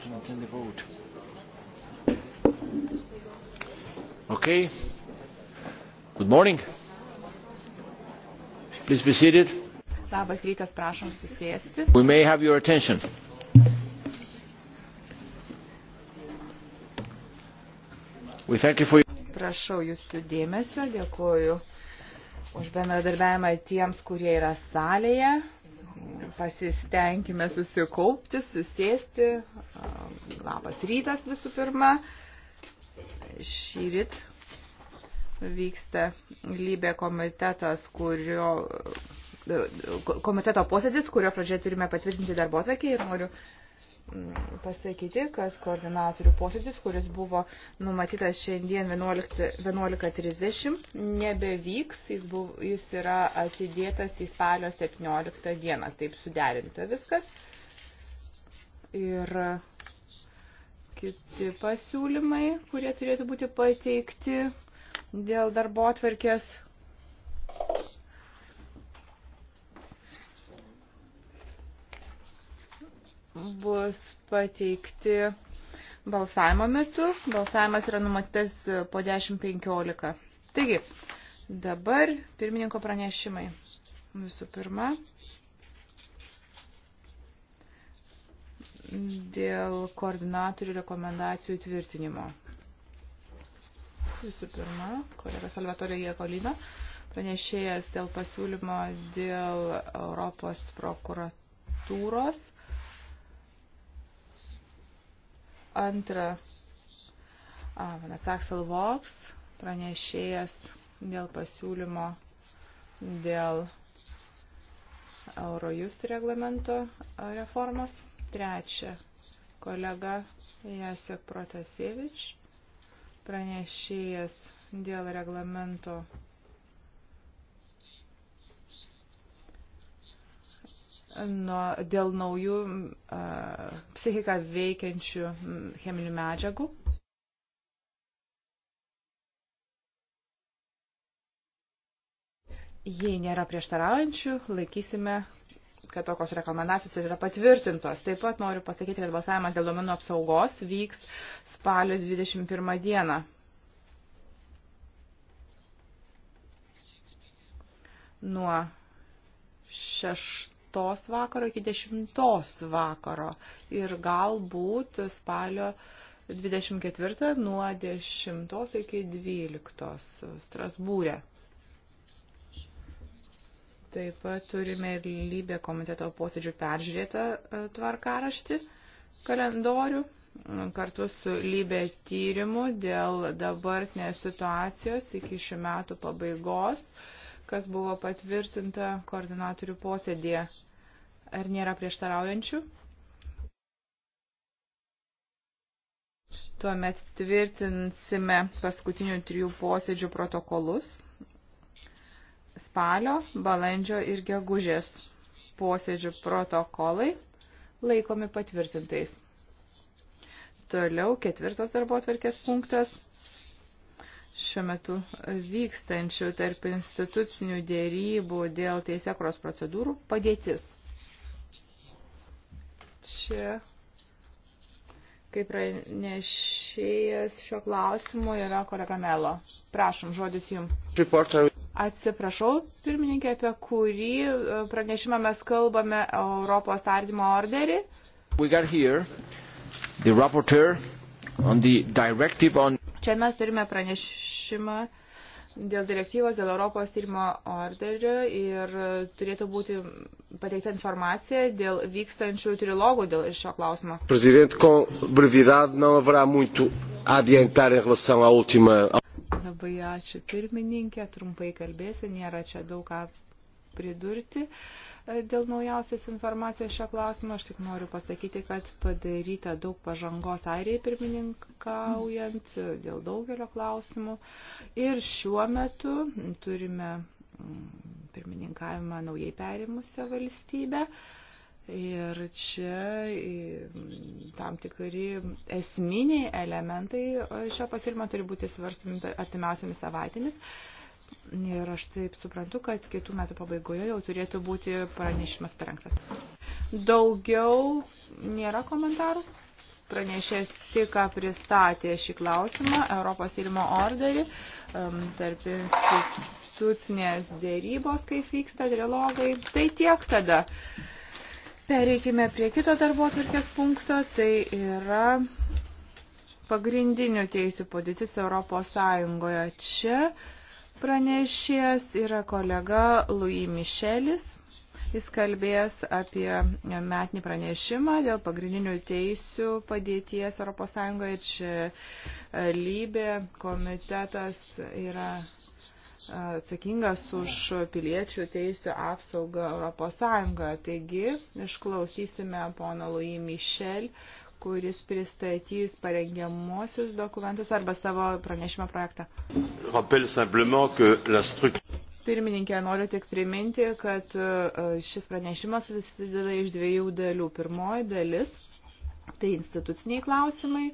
time to maintain the vote. Okay. Good morning. Please be seated. Labas rytas, prašom susėsti. We may have your attention. We thank you for Prašau jūsų dėmesio, dėkuoju už bendradarbiavimą tiems, kurie yra salėje pasistengime susikaupti, susėsti. Labas rytas visų pirma. Šyrit vyksta lybė komitetas, kurio komiteto posėdis, kurio pradžioje turime patvirtinti darbo atvekę ir noriu Mm, pasakyti, kad koordinatorių posėdis, kuris buvo numatytas šiandien 11.30, 11 nebevyks, jis, buvo, jis yra atidėtas į spalio 17 dieną, taip suderinta viskas. Ir kiti pasiūlymai, kurie turėtų būti pateikti dėl darbo atverkės bus pateikti balsavimo metu. Balsavimas yra numatytas po 10.15. Taigi, dabar pirmininko pranešimai. Visų pirma, dėl koordinatorių rekomendacijų tvirtinimo. Visų pirma, kolega Salvatorija Jekolina, pranešėjas dėl pasiūlymo dėl Europos prokuratūros Antra, Vanas Aksel Vops, pranešėjas dėl pasiūlymo dėl Eurojust reglamento reformos. Trečia, kolega Jasek Protasevič, pranešėjas dėl reglamento nuo, dėl naujų a, psichiką veikiančių cheminių medžiagų. Jei nėra prieštaraujančių, laikysime, kad tokios rekomendacijos yra patvirtintos. Taip pat noriu pasakyti, kad balsavimas dėl domenų apsaugos vyks spalio 21 dieną. Nuo 6 9 vakaro iki 10 vakaro ir galbūt spalio 24 nuo 10 iki 12 Strasbūrė. Taip pat turime ir lybę komiteto posėdžių peržiūrėtą e, tvarkaraštį kalendorių kartu su lybė tyrimu dėl dabartinės situacijos iki šių metų pabaigos, kas buvo patvirtinta koordinatorių posėdėje. Ar nėra prieštaraujančių? Tuomet tvirtinsime paskutinių trijų posėdžių protokolus spalio, balandžio ir gegužės posėdžių protokolai laikomi patvirtintais. Toliau ketvirtas darbo atverkės punktas. Šiuo metu vykstančių tarp institucinių dėrybų dėl teisėkros procedūrų padėtis čia kaip pranešėjas šio klausimu yra kolega Melo. Prašom, žodis jums. Atsiprašau, pirmininkė, apie kurį e, pranešimą mes kalbame Europos tardymo orderį. Here, on... Čia mes turime pranešimą dėl direktyvos, dėl Europos tyrimo orderio ir turėtų būti pateikta informacija dėl vykstančių trilogų dėl šio klausimo. Prezident, com brevidad não haverá muito a adiantar em relação à última. Labai ačiū pirmininkė, trumpai kalbėsiu, nėra čia daug ką pridurti e, dėl naujausios informacijos šio klausimo. Aš tik noriu pasakyti, kad padaryta daug pažangos airiai pirmininkaujant e, dėl daugelio klausimų. Ir šiuo metu turime mm, pirmininkavimą naujai perimusią valstybę. Ir čia e, mm, tam tikri esminiai elementai šio pasiūlymo turi būti svarstumi artimiausiamis savaitėmis. Ir aš taip suprantu, kad kitų metų pabaigoje jau turėtų būti pranešimas parengtas. Daugiau nėra komentarų. Pranešęs tik pristatė šį klausimą, Europos tyrimo orderį, um, tarp institucinės dėrybos, kaip vyksta trilogai. Tai tiek tada. Pereikime prie kito darbo atvirkės punkto. Tai yra pagrindinių teisių padėtis Europos Sąjungoje. Čia Pranešėjas yra kolega Louis Mišelis. Jis kalbės apie metinį pranešimą dėl pagrindinių teisių padėties ES. Čia e, lybė komitetas yra e, atsakingas už piliečių teisų apsaugą ES. Taigi, išklausysime pono Louis Michel, kuris pristatys parengiamuosius dokumentus arba savo pranešimo projektą. Pirmininkė, noriu tik priminti, kad e, šis pranešimas susideda iš dviejų dalių. Pirmoji dalis – tai instituciniai klausimai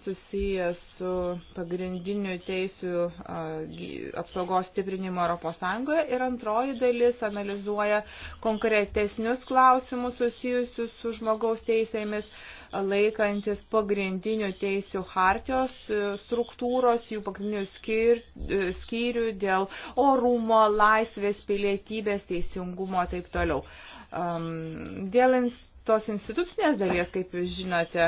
susiję su pagrindiniu teisų e, apsaugos stiprinimo Europos Sąjungoje ir antroji dalis analizuoja konkretesnius klausimus susijusius su žmogaus teisėmis, laikantis pagrindinių teisių hartijos e, struktūros, jų pagrindinių skir, e, skyrių dėl orumo, laisvės, pilietybės, teisingumo ir taip toliau. Dėl institucijų tos institucinės dalies, kaip jūs žinote,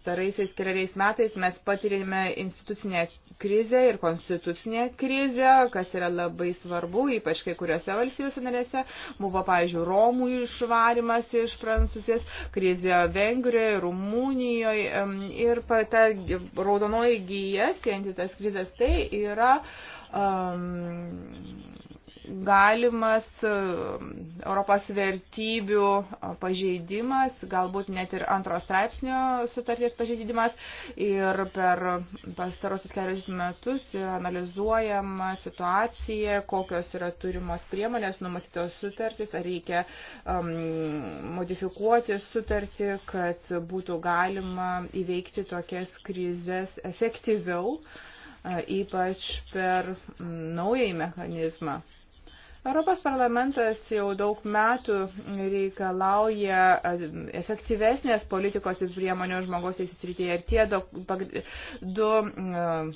staraisiais keliariais metais mes patirėme institucinę krizę ir konstitucinę krizę, kas yra labai svarbu, ypač kai kuriuose valstybėse narėse. Buvo, pavyzdžiui, Romų išvarimas iš Prancūzijos, krizė Vengrijoje, Rumunijoje ir ta raudonoji gyja, sienti tas krizės, tai yra um, galimas um, Europos vertybių pažeidimas, galbūt net ir antros straipsnio sutarties pažeidimas. Ir per pastarosius kelius metus analizuojama situacija, kokios yra turimos priemonės, numatytos sutartys, ar reikia um, modifikuoti sutartį, kad būtų galima įveikti tokias krizės efektyviau ypač per naująjį mechanizmą. Europos parlamentas jau daug metų reikalauja e, efektyvesnės politikos ir priemonių žmogaus teisų srityje ir tie du mm,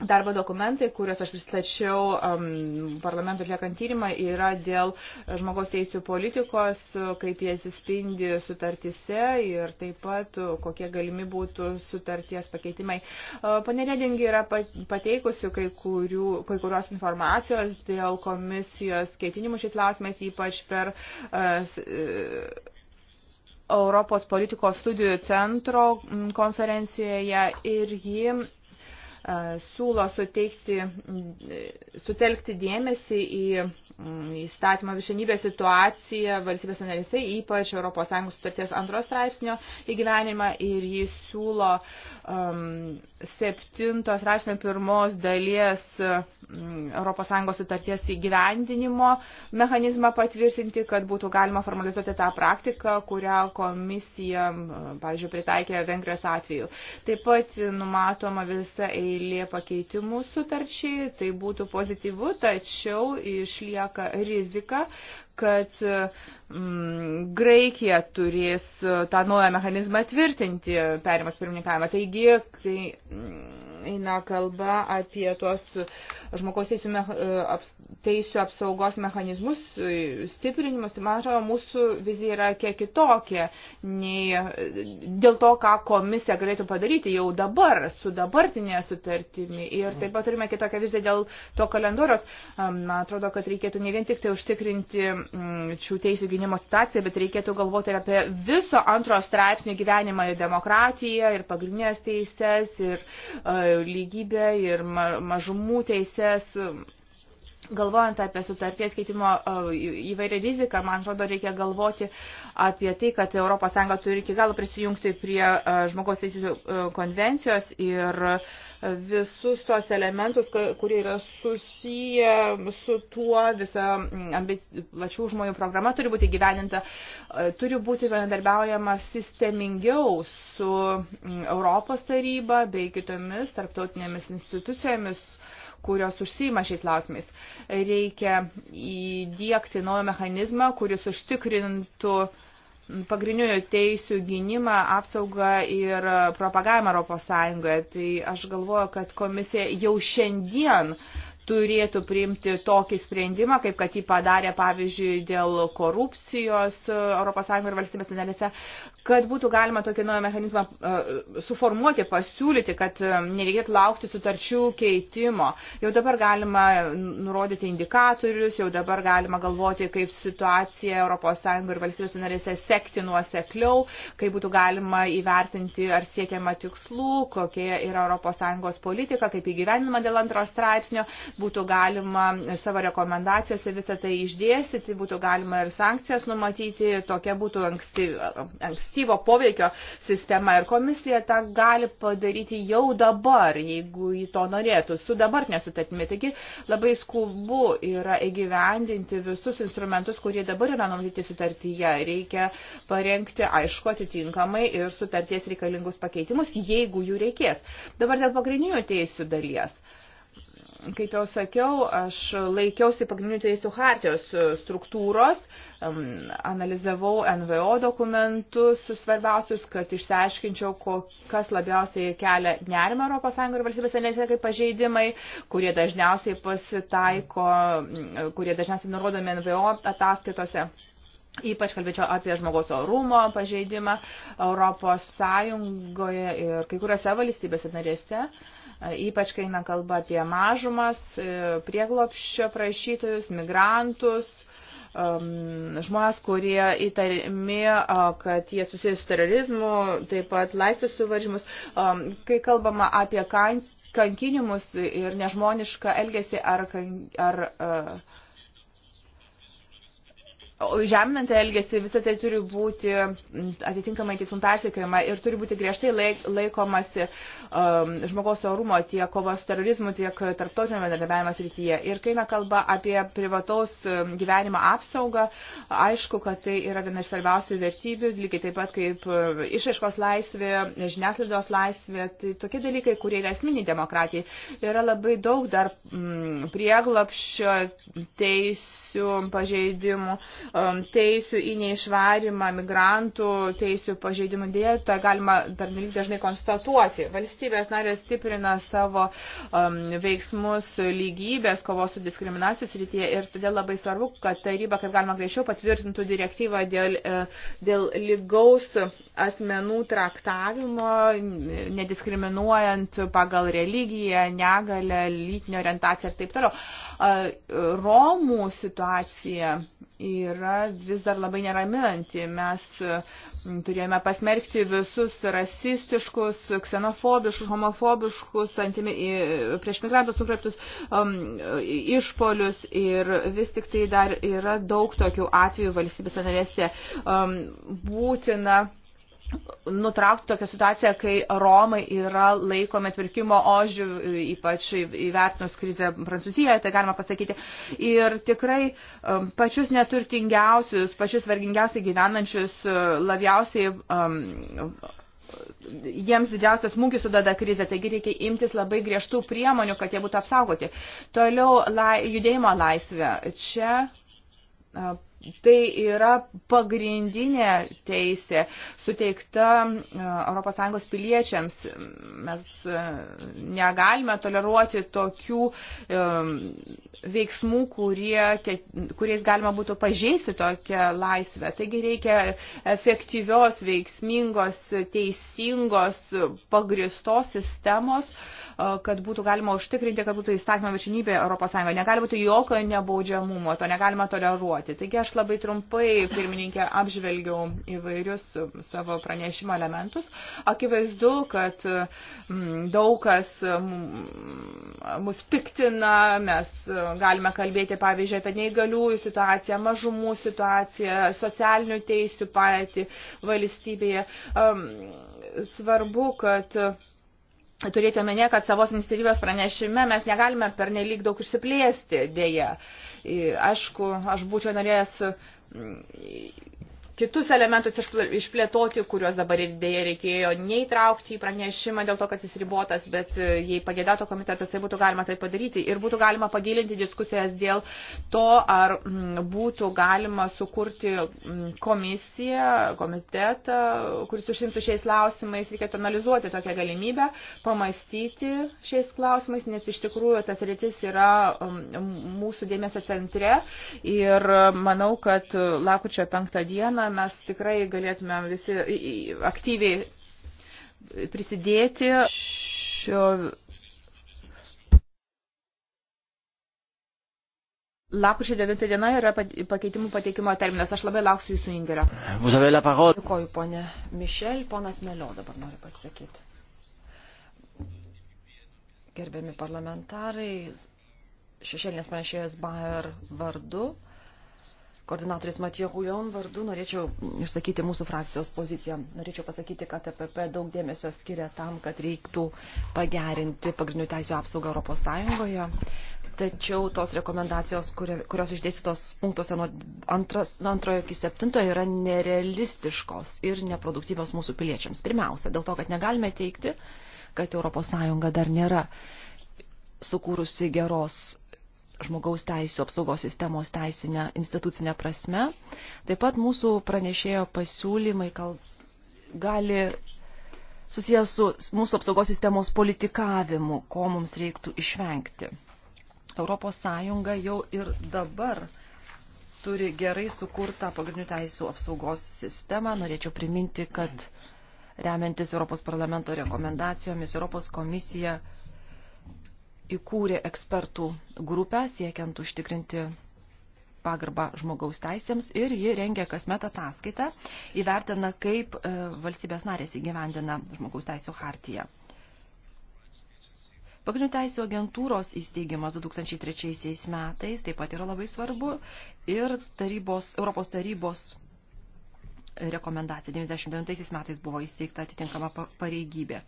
Darbo dokumentai, kuriuos aš pristačiau um, parlamento atliekant tyrimą, yra dėl uh, žmogaus teisų politikos, uh, kaip jie atsispindi sutartise ir taip pat uh, kokie galimi būtų sutarties pakeitimai. Pane Redingi yra pateikusi kai, kurių, kai kurios informacijos dėl komisijos keitinimų šis klausimas, ypač per. Uh, Europos politikos studijų centro mm, konferencijoje ir ji E, siūlo suteikti, sutelkti dėmesį į mm, įstatymo viršenybės situaciją valstybės analise, ypač ES sutarties antros straipsnio įgyvenimą ir jis siūlo um, septintos straipsnio pirmos dalies uh, ES sutarties įgyvendinimo mechanizmą patvirtinti, kad būtų galima formalizuoti tą praktiką, kurią komisija, pavyzdžiui, pritaikė Vengrijos atveju. Taip pat numatoma visa eilė pakeitimų sutarčiai, tai būtų pozityvu, tačiau išlieka rizika, kad mm, Graikija turės e, tą naują mechanizmą tvirtinti perimas pirmininkavimą. Taigi, kai mm, eina kalba apie tuos žmogaus teisų, meha, e, teisų apsaugos mechanizmus, e, stiprinimus, tai man atrodo, mūsų vizija yra kiek kitokia nei dėl to, ką komisija galėtų padaryti jau dabar su dabartinė sutartimi. Ir taip pat turime kitokią viziją dėl to kalendoriaus. Man atrodo, kad reikėtų ne vien tik tai užtikrinti Mm, šių teisų gynimo situaciją, bet reikėtų galvoti ir apie viso antro straipsnio gyvenimą ir demokratiją, ir pagrindinės teises, ir e, lygybę, ir mažumų teises galvojant apie sutarties keitimo e, įvairią riziką, man atrodo, reikia galvoti apie tai, kad ES turi iki galo prisijungti prie e, žmogaus teisų e, konvencijos ir visus tos elementus, kurie yra susiję su tuo, visa plačių žmonių programa turi būti gyveninta, turi būti bendarbiaujama sistemingiau su Europos taryba bei kitomis tarptautinėmis institucijomis kurios užsima šiais klausimais. Reikia įdėkti naują mechanizmą, kuris užtikrintų pagrindinių teisių gynimą, apsaugą ir propagavimą ES. Tai aš galvoju, kad komisija jau šiandien turėtų priimti tokį sprendimą, kaip kad jį padarė, pavyzdžiui, dėl korupcijos ES ir valstybės narėse kad būtų galima tokį naują mechanizmą e, suformuoti, pasiūlyti, kad e, nereikėtų laukti sutarčių keitimo. Jau dabar galima nurodyti indikatorius, jau dabar galima galvoti, kaip situacija ES ir valstybės narėse sekti nuosekliau, kaip būtų galima įvertinti, ar siekiama tikslų, kokia yra ES politika, kaip įgyvenima dėl antro straipsnio, būtų galima savo rekomendacijose visą tai išdėstyti, būtų galima ir sankcijas numatyti, tokia būtų anksti, anksti ankstyvo poveikio sistema ir komisija tą gali padaryti jau dabar, jeigu jį to norėtų, su dabar nesutartimi. Taigi labai skubu yra įgyvendinti visus instrumentus, kurie dabar yra numatyti sutartyje. Reikia parengti, aišku, atitinkamai ir sutarties reikalingus pakeitimus, jeigu jų reikės. Dabar dėl pagrindinių teisų dalies kaip jau sakiau, aš laikiausi pagrindinių teisų hartijos e, struktūros, analizavau NVO dokumentus svarbiausius, kad išsiaiškinčiau, kas labiausiai kelia nerimą ES ir valstybėse nesiekai pažeidimai, kurie dažniausiai pasitaiko, kurie dažniausiai nurodomi NVO ataskaitose. Ypač kalbėčiau apie žmogaus orumo pažeidimą Europos Sąjungoje ir kai kuriuose valstybėse narėse. Uh, ypač kai eina kalba apie mažumas, e, prieglopščio prašytojus, migrantus, žmonės, kurie įtarimi, kad jie susijęs su terorizmu, taip pat laisvės suvaržymus. Kai kalbama apie kankinimus ir nežmonišką elgesį ar, ar žeminantį elgesį, visą tai turi būti atitinkamai teismų persikėjama ir turi būti griežtai laik, laikomasi um, žmogaus orumo tiek kovos su terorizmu, tiek tarptautinio bendradarbiavimo srityje. Ir kai eina kalba apie privataus um, gyvenimo apsaugą, aišku, kad tai yra viena iš svarbiausių vertybių, lygiai taip pat kaip um, išaiškos laisvė, žiniasklaidos laisvė, tai tokie dalykai, kurie yra esminiai demokratijai. Yra labai daug dar mm, prieglapščio teisų pažeidimų, Um, teisių į neišvarimą migrantų, teisių pažeidimų dėja, tą galima dar dažnai konstatuoti. Valstybės narės stiprina savo um, veiksmus lygybės, kovos su diskriminacijos rytyje ir todėl labai svarbu, kad taryba, kaip galima greičiau, patvirtintų direktyvą dėl, e, dėl lygaus asmenų traktavimo, nediskriminuojant pagal religiją, negalę, lytinį orientaciją ir taip toliau. Romų situacija yra vis dar labai neraminanti. Mes turėjome pasmerkti visus rasistiškus, ksenofobiškus, homofobiškus, antimi, prieš migrantus nukreiptus um, išpolius ir vis tik tai dar yra daug tokių atvejų valstybės narėse um, būtina nutraukti tokią situaciją, kai Romai yra laikomi atvirkimo ožių, ypač įvertinus krizę Prancūzijoje, tai galima pasakyti. Ir tikrai um, pačius neturtingiausius, pačius vargingiausiai gyvenančius, uh, labiausiai um, jiems didžiausias smūgis sudada krizė, taigi reikia imtis labai griežtų priemonių, kad jie būtų apsaugoti. Toliau lai, judėjimo laisvė. Čia uh, Tai yra pagrindinė teisė suteikta ES piliečiams. Mes e, negalime toleruoti tokių e, veiksmų, kurie, kuriais galima būtų pažeisti tokią laisvę. Taigi reikia efektyvios, veiksmingos, teisingos, pagristos sistemos, kad būtų galima užtikrinti, kad būtų įstatymą viršinybė ES. Negali būti jokio nebaudžiamumo, to negalima toleruoti. Taigi aš labai trumpai, pirmininkė, apžvelgiau įvairius savo pranešimo elementus. Akivaizdu, kad mm, daug kas mm, mus piktina, mes Galime kalbėti, pavyzdžiui, apie neįgaliųjų situaciją, mažumų situaciją, socialinių teisių patį valstybėje. Svarbu, kad turėti omenyje, kad savos iniciatyvos pranešime mes negalime per nelik daug išsiplėsti dėje. Aišku, aš būčiau norėjęs kitus elementus išplėtoti, kuriuos dabar ir dėja reikėjo neįtraukti į pranešimą dėl to, kad jis ribotas, bet e, jei pagėdato komitetas, tai būtų galima tai padaryti ir būtų galima pagilinti diskusijas dėl to, ar mm, būtų galima sukurti mm, komisiją, komitetą, kuris užsimtų šiais klausimais, reikėtų analizuoti tokią galimybę, pamastyti šiais klausimais, nes iš tikrųjų tas rytis yra mm, mūsų dėmesio centre ir e, manau, kad e, lakučio penktą dieną regioną mes tikrai galėtume visi aktyviai prisidėti šio Lapkričio 9 diena yra pakeitimų pateikimo terminas. Aš labai lauksiu jūsų indėlio. Dėkoju, ponė Mišel. Ponas Melio dabar noriu pasakyti. Gerbiami parlamentarai, šešėlinės pranešėjas Bayer vardu koordinatorius Matijo Hujon vardu norėčiau išsakyti mūsų frakcijos poziciją. Norėčiau pasakyti, kad TPP e daug dėmesio skiria tam, kad reiktų pagerinti pagrindinių teisų apsaugą Europos Sąjungoje. Tačiau tos rekomendacijos, kurios išdėstytos punktuose nuo, antras, nuo antrojo iki septintojo, yra nerealistiškos ir neproduktyvios mūsų piliečiams. Pirmiausia, dėl to, kad negalime teikti, kad Europos Sąjunga dar nėra sukūrusi geros žmogaus teisų apsaugos sistemos teisinę institucinę prasme. Taip pat mūsų pranešėjo pasiūlymai kal... gali susijęs su mūsų apsaugos sistemos politikavimu, ko mums reiktų išvengti. Europos Sąjunga jau ir dabar turi gerai sukurtą pagrindinių teisų apsaugos sistemą. Norėčiau priminti, kad remiantis Europos parlamento rekomendacijomis Europos komisija įkūrė ekspertų grupę siekiant užtikrinti pagarbą žmogaus teisėms ir ji rengia kasmet ataskaitą, įvertina, kaip e, valstybės narės įgyvendina žmogaus teisų hartiją. Pagrindinių teisų agentūros įsteigimas 2003 metais taip pat yra labai svarbu ir tarybos, Europos tarybos rekomendacija 99 metais buvo įsteigta atitinkama pareigybė.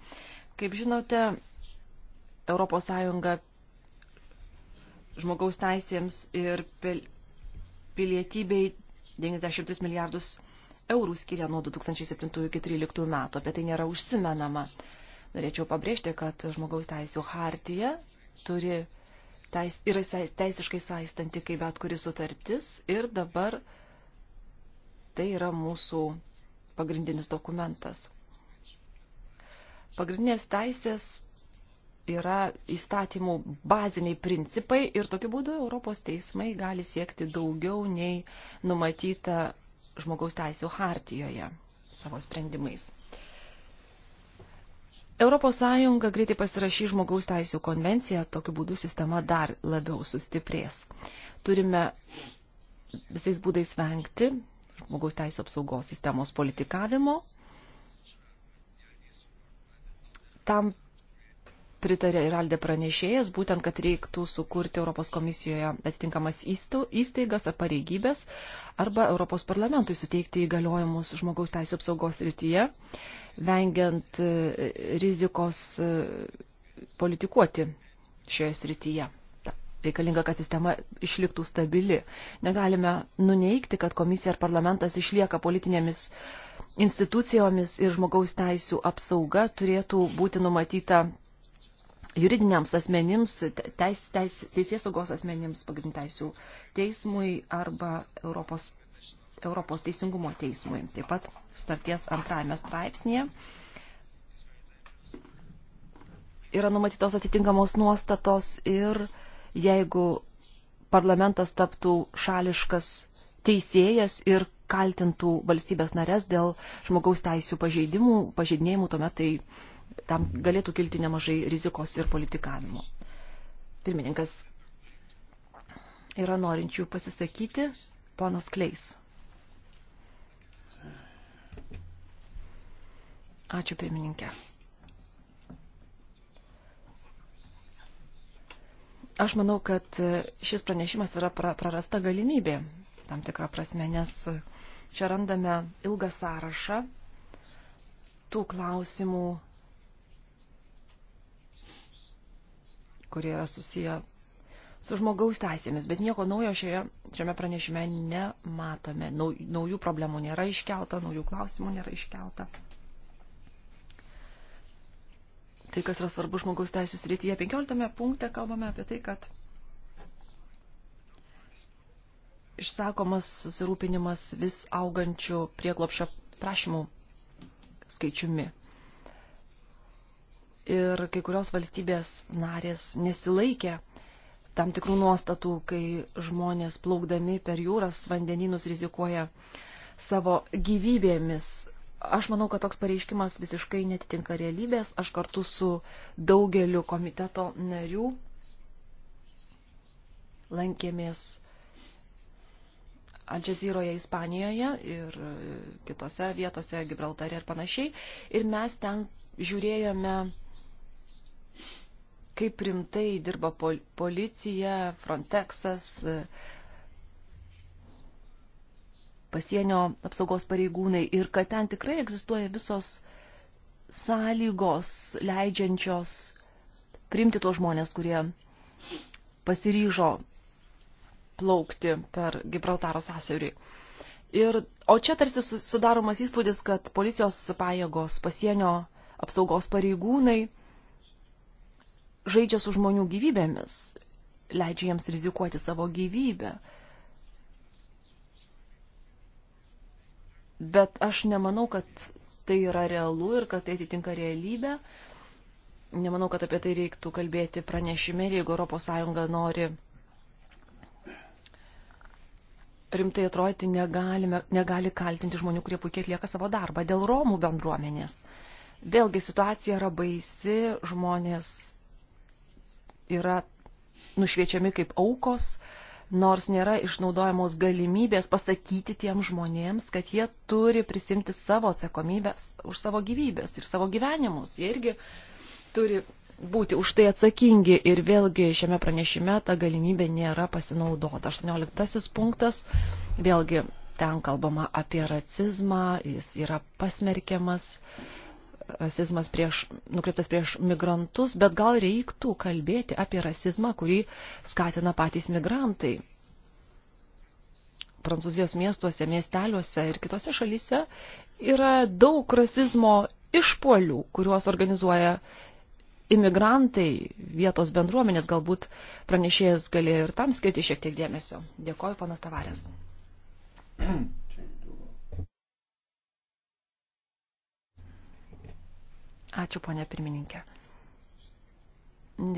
Kaip žinote, ES žmogaus teisėms ir pilietybei 90 milijardus eurų skiria nuo 2007 iki 2013 metų. Apie tai nėra užsimenama. Norėčiau pabrėžti, kad žmogaus teisų hartija turi teis, yra teisiškai saistanti kaip bet kuri sutartis ir dabar tai yra mūsų pagrindinis dokumentas. Pagrindinės teisės yra įstatymų baziniai principai ir tokiu būdu Europos teismai gali siekti daugiau nei numatyta žmogaus teisų hartijoje savo sprendimais. Europos Sąjunga greitai pasirašy žmogaus teisų konvenciją, tokiu būdu sistema dar labiau sustiprės. Turime visais būdais vengti žmogaus teisų apsaugos sistemos politikavimo. Tam pritarė ir Aldė pranešėjas, būtent, kad reiktų sukurti Europos komisijoje atitinkamas įstaigas ar pareigybės arba Europos parlamentui suteikti įgaliojimus žmogaus teisų apsaugos rytyje, vengiant e, rizikos e, politikuoti šioje srityje. Reikalinga, kad sistema išliktų stabili. Negalime nuneikti, kad komisija ar parlamentas išlieka politinėmis institucijomis ir žmogaus teisų apsauga turėtų būti numatyta juridiniams asmenims, teis, teis, teisės saugos asmenims, pagrindtaisių teismui arba Europos, Europos teisingumo teismui. Taip pat sutarties antrajame straipsnėje yra numatytos atitinkamos nuostatos ir jeigu parlamentas taptų šališkas teisėjas ir kaltintų valstybės narės dėl žmogaus teisių pažeidimų, pažeidinėjimų, tuomet tai tam galėtų kilti nemažai rizikos ir politikavimo. Pirmininkas yra norinčių pasisakyti ponas Kleis. Ačiū pirmininkė. Aš manau, kad šis pranešimas yra prarasta galimybė, tam tikrą prasme, nes čia randame ilgą sąrašą tų klausimų, kurie yra susiję su žmogaus teisėmis, bet nieko naujo šioje, šiame pranešime nematome. Nau, naujų problemų nėra iškelta, naujų klausimų nėra iškelta. Tai, kas yra svarbu žmogaus teisų srityje, 15 punkte kalbame apie tai, kad išsakomas susirūpinimas vis augančių prieglopšio prašymų skaičiumi ir kai kurios valstybės narės nesilaikė tam tikrų nuostatų, kai žmonės plaukdami per jūras vandeninus rizikuoja savo gyvybėmis. Aš manau, kad toks pareiškimas visiškai netitinka realybės. Aš kartu su daugeliu komiteto narių lankėmės Alžezyroje, Ispanijoje ir kitose vietose, Gibraltare ir panašiai. Ir mes ten žiūrėjome kaip rimtai dirba policija, Frontexas, pasienio apsaugos pareigūnai ir kad ten tikrai egzistuoja visos sąlygos leidžiančios priimti tuos žmonės, kurie pasiryžo plaukti per Gibraltaro sąsiaurį. Ir, o čia tarsi sudaromas įspūdis, kad policijos pajėgos pasienio apsaugos pareigūnai žaidžia su žmonių gyvybėmis, leidžia jiems rizikuoti savo gyvybę. Bet aš nemanau, kad tai yra realu ir kad tai atitinka realybę. Nemanau, kad apie tai reiktų kalbėti pranešime ir jeigu ES nori rimtai atrodyti, negalime, negali kaltinti žmonių, kurie puikiai atlieka savo darbą. Dėl Romų bendruomenės. Vėlgi situacija yra baisi, žmonės yra nušviečiami kaip aukos, nors nėra išnaudojamos galimybės pasakyti tiem žmonėms, kad jie turi prisimti savo atsakomybės už savo gyvybės ir savo gyvenimus. Jie irgi turi būti už tai atsakingi ir vėlgi šiame pranešime ta galimybė nėra pasinaudota. 18 punktas, vėlgi ten kalbama apie racizmą, jis yra pasmerkiamas rasizmas prieš, nukreiptas prieš migrantus, bet gal reiktų kalbėti apie rasizmą, kurį skatina patys migrantai. Prancūzijos miestuose, miesteliuose ir kitose šalyse yra daug rasizmo išpolių, kuriuos organizuoja imigrantai, vietos bendruomenės, galbūt pranešėjas galėjo ir tam skirti šiek tiek dėmesio. Dėkoju, panas Tavarės. Ačiū, ponė pirmininkė.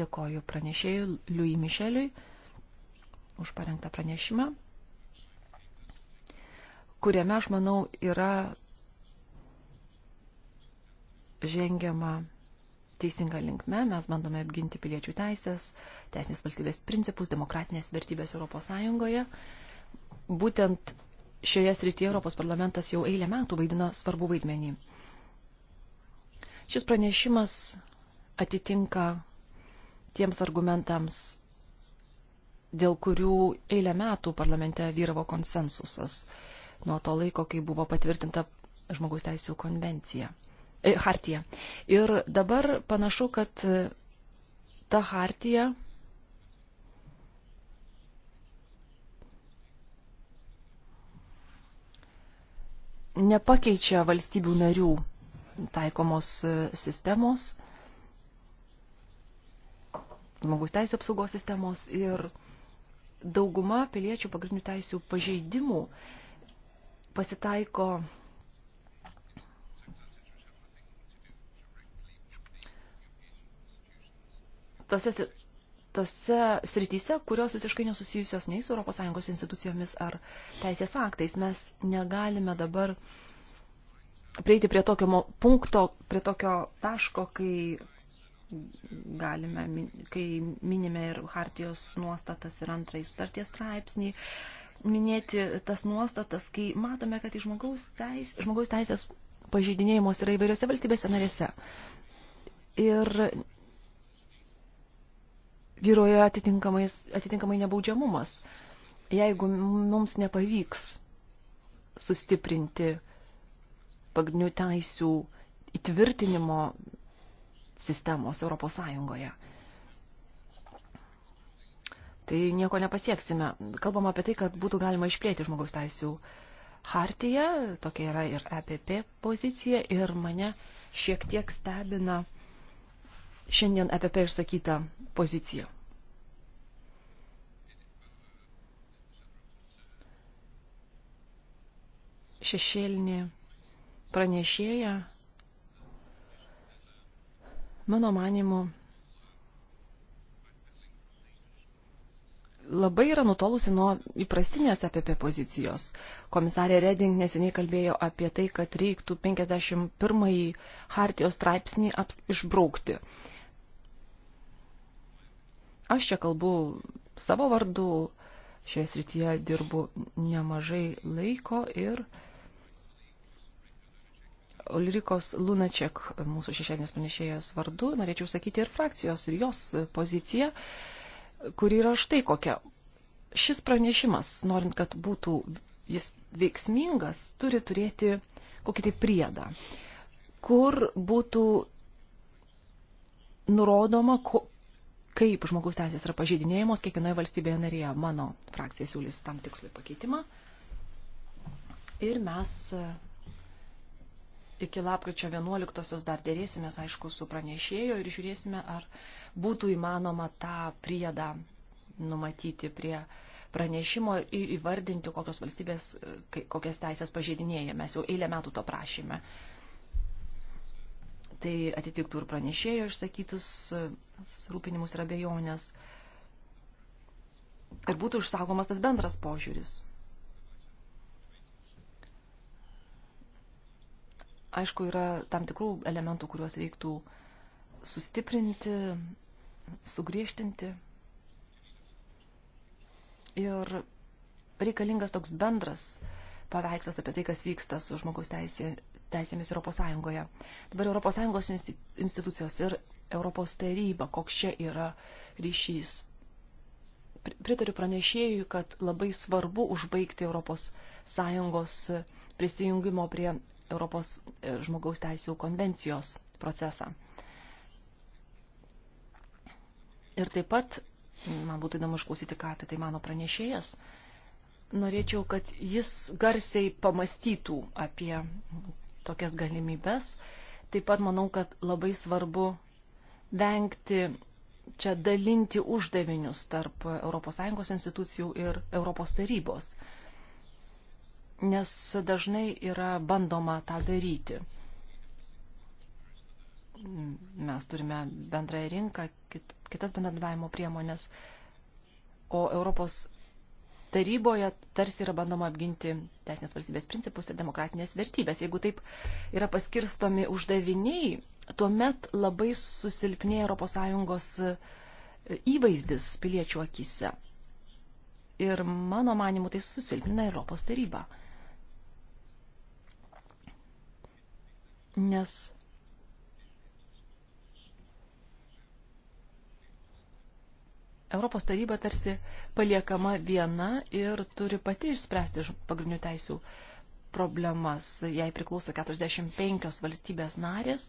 Dėkoju pranešėjui Louis Mišeliui už parengtą pranešimą, kuriame, aš manau, yra žengiama teisinga linkme. Mes bandome apginti piliečių teisės, teisinės valstybės principus, demokratinės vertybės Europos Sąjungoje. Būtent šioje srityje Europos parlamentas jau eilę metų vaidino svarbu vaidmenį. Šis pranešimas atitinka tiems argumentams, dėl kurių eilę metų parlamente vyravo konsensusas nuo to laiko, kai buvo patvirtinta žmogaus teisų konvencija, e, hartija. Ir dabar panašu, kad e, ta hartija nepakeičia valstybių narių taikomos e, sistemos, žmogus teisų apsaugos sistemos ir dauguma piliečių pagrindinių teisų pažeidimų pasitaiko tose, tose srityse, kurios visiškai nesusijusios nei su ES institucijomis ar teisės aktais. Mes negalime dabar uh, prieiti prie tokio punkto, prie tokio taško, kai galime, kai minime ir Hartijos nuostatas ir antrąjį sutarties straipsnį, minėti tas nuostatas, kai matome, kad žmogaus, teis, žmogaus teisės pažeidinėjimos yra įvairiose valstybėse narėse. Ir vyroja atitinkamai nebaudžiamumas. Jeigu mums nepavyks sustiprinti uh, pagrindinių teisių įtvirtinimo sistemos Europos Sąjungoje. Tai nieko nepasieksime. Kalbam apie tai, kad būtų galima išplėti žmogaus teisių hartiją, tokia yra ir EPP pozicija, ir mane šiek tiek stebina šiandien EPP išsakyta pozicija. Šešėlinė pranešėją, mano manimu, labai yra nutolusi nuo įprastinės APP pozicijos. Komisarė Reding neseniai kalbėjo apie tai, kad reiktų 51-ąjį Hartijos straipsnį išbraukti. Aš čia kalbu savo vardu, šioje srityje dirbu nemažai laiko ir uh, Ulrikos Lunaček, mūsų šešėlinės panešėjos vardu, norėčiau sakyti ir frakcijos, ir jos poziciją, kuri yra štai kokia. Šis pranešimas, norint, kad būtų jis veiksmingas, turi turėti kokį tai priedą, kur būtų nurodoma, ko, kaip žmogaus teisės yra pažydinėjimos kiekvienoje valstybėje narėje. Mano frakcija siūlys tam tikslui pakeitimą. Ir mes iki lapkričio 11-osios dar dėrėsimės, aišku, su pranešėjo ir žiūrėsime, ar būtų įmanoma tą priedą numatyti prie pranešimo ir įvardinti, kokios valstybės, kokias teisės pažeidinėja. Mes jau eilę metų to prašyme. Tai atitiktų ir pranešėjo išsakytus rūpinimus ir abejonės. Ir būtų išsaugomas tas bendras požiūris. Aišku, yra tam tikrų elementų, kuriuos reiktų sustiprinti, sugriežtinti. Ir reikalingas toks bendras paveikslas apie tai, kas vyksta su žmogaus teisė, teisėmis Europos Sąjungoje. Dabar Europos Sąjungos institucijos ir Europos taryba, koks čia yra ryšys. Pritariu pranešėjui, kad labai svarbu užbaigti Europos Sąjungos prisijungimo prie Europos e, žmogaus teisų konvencijos procesą. Ir taip pat, man būtų įdomu išklausyti, ką apie tai mano pranešėjas, norėčiau, kad jis garsiai pamastytų apie tokias galimybės. Taip pat manau, kad labai svarbu vengti čia dalinti uždavinius tarp ES institucijų ir ES tarybos nes dažnai yra bandoma tą daryti. Mes turime bendrąją rinką, kitas bendradavimo priemonės, o Europos taryboje tarsi yra bandoma apginti teisinės valstybės principus ir demokratinės vertybės. Jeigu taip yra paskirstomi uždaviniai, tuomet labai susilpnėja ES e, įvaizdis piliečių akise. Ir mano manimu tai susilpnina Europos taryba. nes Europos taryba tarsi paliekama viena ir turi pati išspręsti pagrindinių teisių problemas. Jai priklauso 45 valstybės narės,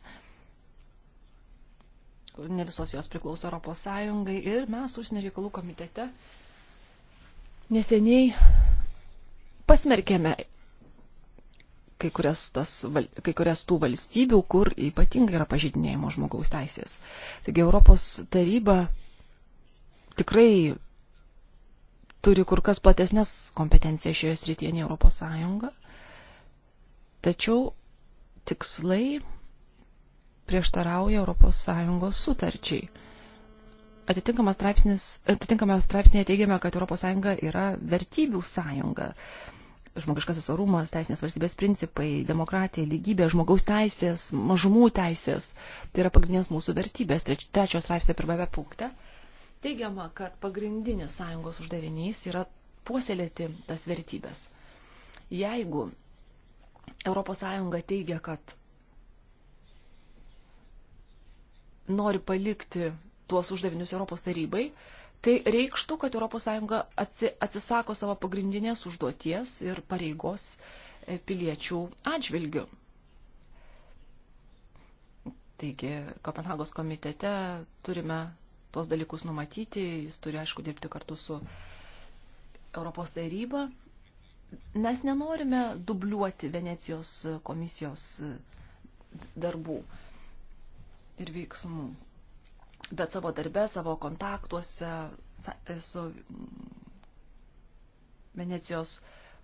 ne visos jos priklauso Europos Sąjungai ir mes užsienio reikalų komitete neseniai pasmerkėme kai kurias, tas, kai kurias tų valstybių, kur ypatingai yra pažydinėjimo žmogaus teisės. Taigi Europos taryba tikrai turi kur kas platesnės kompetencijas šioje srityje nei Europos Sąjunga. Tačiau tikslai prieštarauja Europos Sąjungos sutarčiai. Atitinkamas straipsnėje teigiame, kad Europos Sąjunga yra vertybių sąjunga žmogiškasis orumas, teisinės valstybės principai, demokratija, lygybė, žmogaus teisės, mažumų teisės. Tai yra pagrindinės mūsų vertybės, trečios straipsnio pirmame punkte. Teigiama, kad pagrindinis sąjungos uždavinys yra puoselėti tas vertybės. Jeigu ES teigia, kad nori palikti tuos uždavinius Europos tarybai, Tai reikštų, kad ES atsisako savo pagrindinės užduoties ir pareigos e, piliečių atžvilgių. Taigi, Kopenhagos komitete turime tuos dalykus numatyti, jis turi, aišku, dirbti kartu su Europos taryba. Mes nenorime dubliuoti Venecijos komisijos darbų ir veiksmų bet savo darbe, savo kontaktuose su Venecijos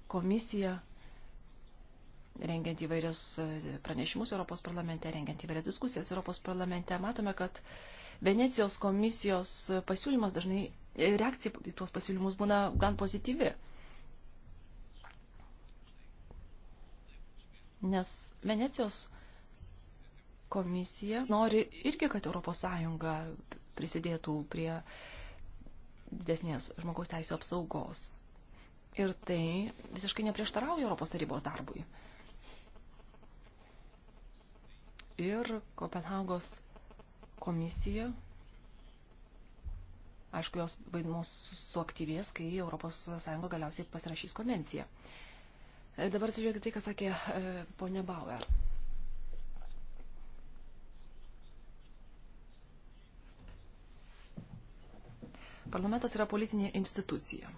komisija, rengiant įvairius pranešimus Europos parlamente, rengiant įvairias diskusijas Europos parlamente, matome, kad Venecijos komisijos pasiūlymas dažnai, reakcija į tuos pasiūlymus būna gan pozityvi. Nes Venecijos komisijos Komisija nori irgi, kad ES prisidėtų prie didesnės žmogaus teisų apsaugos. Ir tai visiškai neprieštarauja Europos tarybos darbui. Ir Kopenhagos komisija, aišku, jos vaidmos suaktyvės, kai Europos Sąjunga galiausiai pasirašys konvenciją. Dabar atsižiūrėkite tai, ką sakė e, ponia Bauer. Parlamentas yra politinė institucija.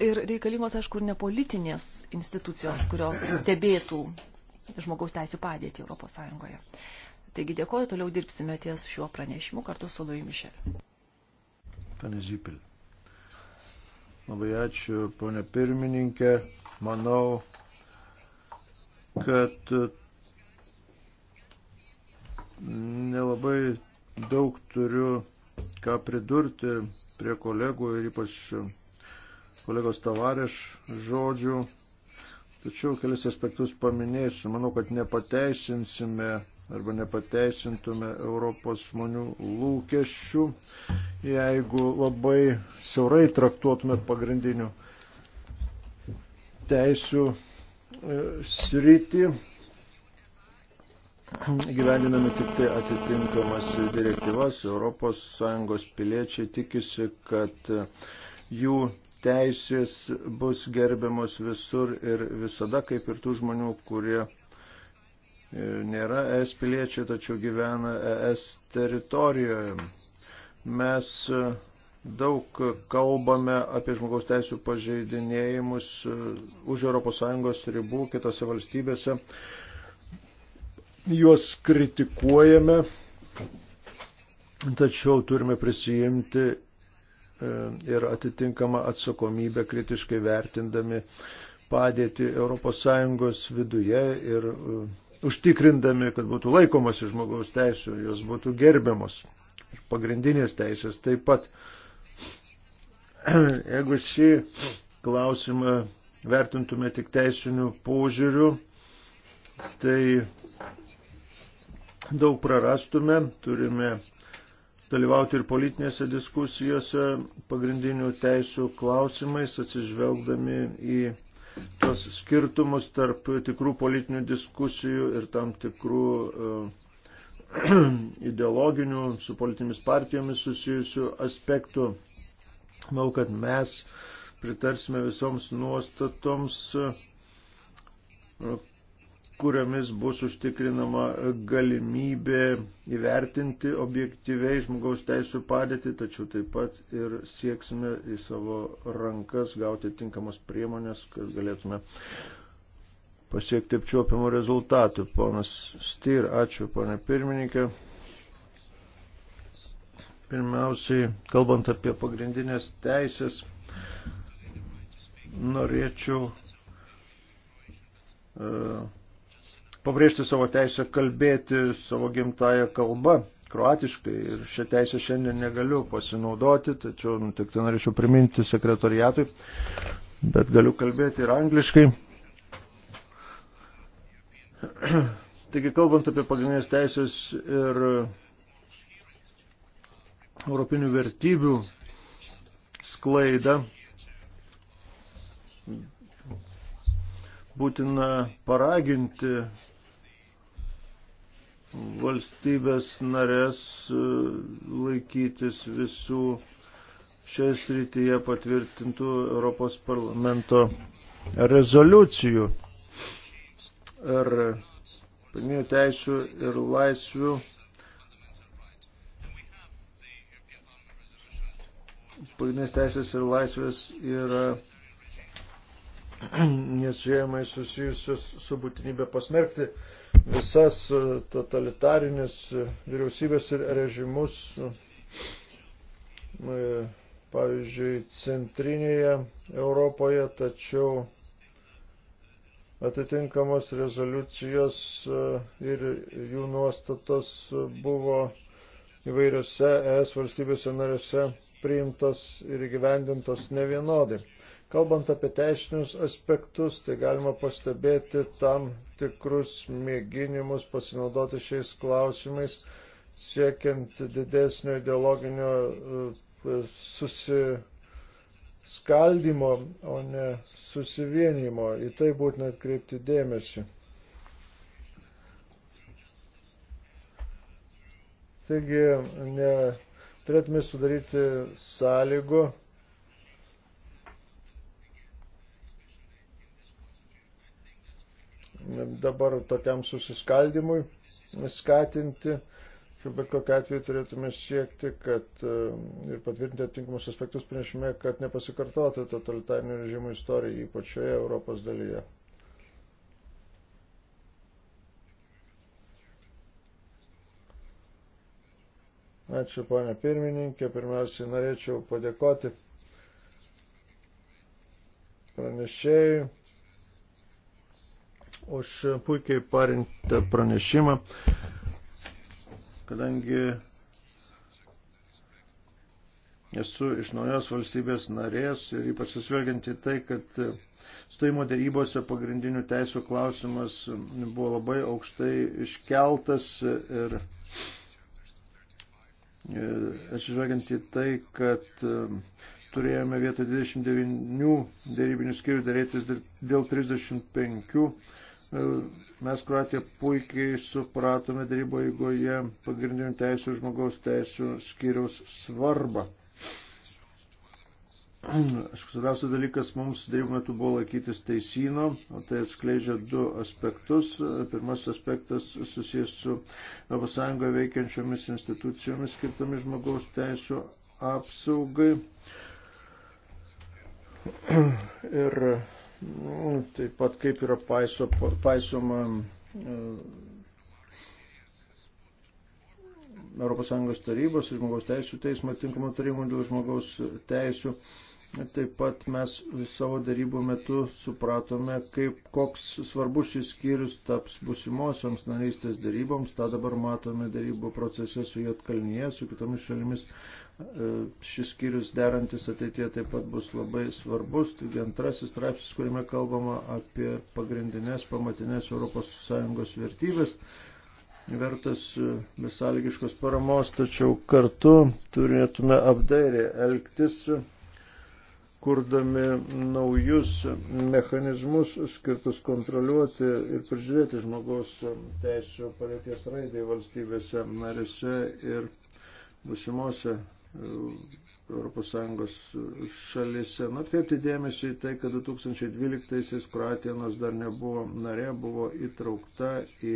Ir reikalingos, aišku, ir nepolitinės institucijos, kurios stebėtų žmogaus teisų padėtį Europos Sąjungoje. Taigi dėkoju, toliau dirbsime ties šiuo pranešimu kartu su Louis Michel. Pane Zipil. Labai ačiū, ponė pirmininkė. Manau, kad nelabai daug turiu ką pridurti prie kolegų ir ypač kolegos Tavareš žodžių. Tačiau kelis aspektus paminėsiu. Manau, kad nepateisinsime arba nepateisintume Europos žmonių lūkesčių, jeigu labai siaurai traktuotume pagrindinių teisių e, sritį gyveninami tik tai atitinkamas direktyvas. ES piliečiai tikisi, kad jų teisės bus gerbiamos visur ir visada, kaip ir tų žmonių, kurie e, nėra ES piliečiai, tačiau gyvena ES teritorijoje. Mes e, daug kalbame apie žmogaus teisų pažeidinėjimus e, už ES ribų kitose valstybėse, juos kritikuojame, tačiau turime prisijimti e, ir atitinkamą atsakomybę kritiškai vertindami padėti ES viduje ir e, užtikrindami, kad būtų laikomasi žmogaus teisų, jos būtų gerbiamos. Ir pagrindinės teisės taip pat. Jeigu šį klausimą vertintume tik teisinių požiūrių, tai daug prarastume, turime dalyvauti ir politinėse diskusijose pagrindinių teisų klausimais, atsižvelgdami į tos skirtumus tarp tikrų politinių diskusijų ir tam tikrų eh, ideologinių, su politinėmis partijomis susijusių aspektų. Manau, kad mes pritarsime visoms nuostatoms, kuriamis bus užtikrinama galimybė įvertinti objektyviai žmogaus teisų padėtį, tačiau taip pat ir sieksime į savo rankas gauti tinkamas priemonės, kad galėtume pasiekti apčiuopiamų rezultatų. Ponas Styr, ačiū, ponė pirmininkė. Pirmiausiai, kalbant apie pagrindinės teisės, norėčiau uh, pabrėžti savo teisę kalbėti savo gimtają kalbą, kroatiškai. Ir šią teisę šiandien negaliu pasinaudoti, tačiau nu, tik tai norėčiau priminti sekretariatui, bet galiu kalbėti ir angliškai. Taigi, kalbant apie pagrindinės teisės ir europinių vertybių sklaidą, būtina paraginti valstybės narės e, laikytis visų šioje srityje patvirtintų Europos parlamento rezoliucijų. Ir pagrindinių teisų ir laisvių pagrindinės teisės ir laisvės yra nesvėjamai susijusios su būtinybė pasmerkti visas e, totalitarinis e, vyriausybės ir režimus, e, pavyzdžiui, centrinėje Europoje, tačiau atitinkamos rezoliucijos ir jų nuostatos buvo įvairiose ES valstybėse narėse priimtos ir įgyvendintos nevienodai. Kalbant apie teisinius aspektus, tai galima pastebėti tam tikrus mėginimus pasinaudoti šiais klausimais, siekiant didesnio ideologinio e, susiskaldimo, o ne susivienimo. Į tai būtina atkreipti dėmesį. Taigi, ne, turėtume sudaryti sąlygų dabar tokiam susiskaldimui skatinti. Ir bet kokiu atveju turėtume siekti, kad e, ir patvirtinti atitinkamus aspektus pranešime, kad nepasikartotų totalitarinių režimų istorija, ypač šioje Europos dalyje. Ačiū, ponė pirmininkė. Pirmiausiai norėčiau padėkoti pranešėjui už puikiai parinktą pranešimą, kadangi esu iš naujos valstybės narės ir ypač susvelgiant į tai, kad stojimo darybose pagrindinių teisų klausimas buvo labai aukštai iškeltas ir e, atsižvelgiant į tai, kad e, turėjome vietą 29 darybinių skyrių darytis dėl 35 Mes Kroatiją puikiai supratome darybo eigoje pagrindinių teisų žmogaus teisų skyriaus svarbą. Svarbiausias dalykas mums darybų metu buvo laikytis teisino, o tai atskleidžia du aspektus. Pirmasis aspektas susijęs su ES veikiančiomis institucijomis skirtomis žmogaus teisų apsaugai. Ir Mm, taip pat kaip yra paiso, paisoma ES tarybos ir žmogaus teisų teismo tinkamo tarimo dėl žmogaus teisų. Taip pat mes savo darybų metu supratome, kaip koks svarbus šis skyrius taps busimosioms narystės daryboms. Ta dabar matome darybų procese su Jotkalnyje, su kitomis šalimis E, šis skyrius derantis ateitie taip pat bus labai svarbus. Taigi antrasis straipsnis, kuriame kalbama apie pagrindinės pamatinės ES vertybės, vertas e, besalgiškos paramos, tačiau kartu turėtume apdairę elgtis kurdami naujus mechanizmus skirtus kontroliuoti ir prižiūrėti žmogaus teisų padėties raidai valstybėse narėse ir būsimose ES šalise. Na, atkreipti dėmesį į tai, kad 2012-aisiais Kroatija nors dar nebuvo narė, buvo įtraukta į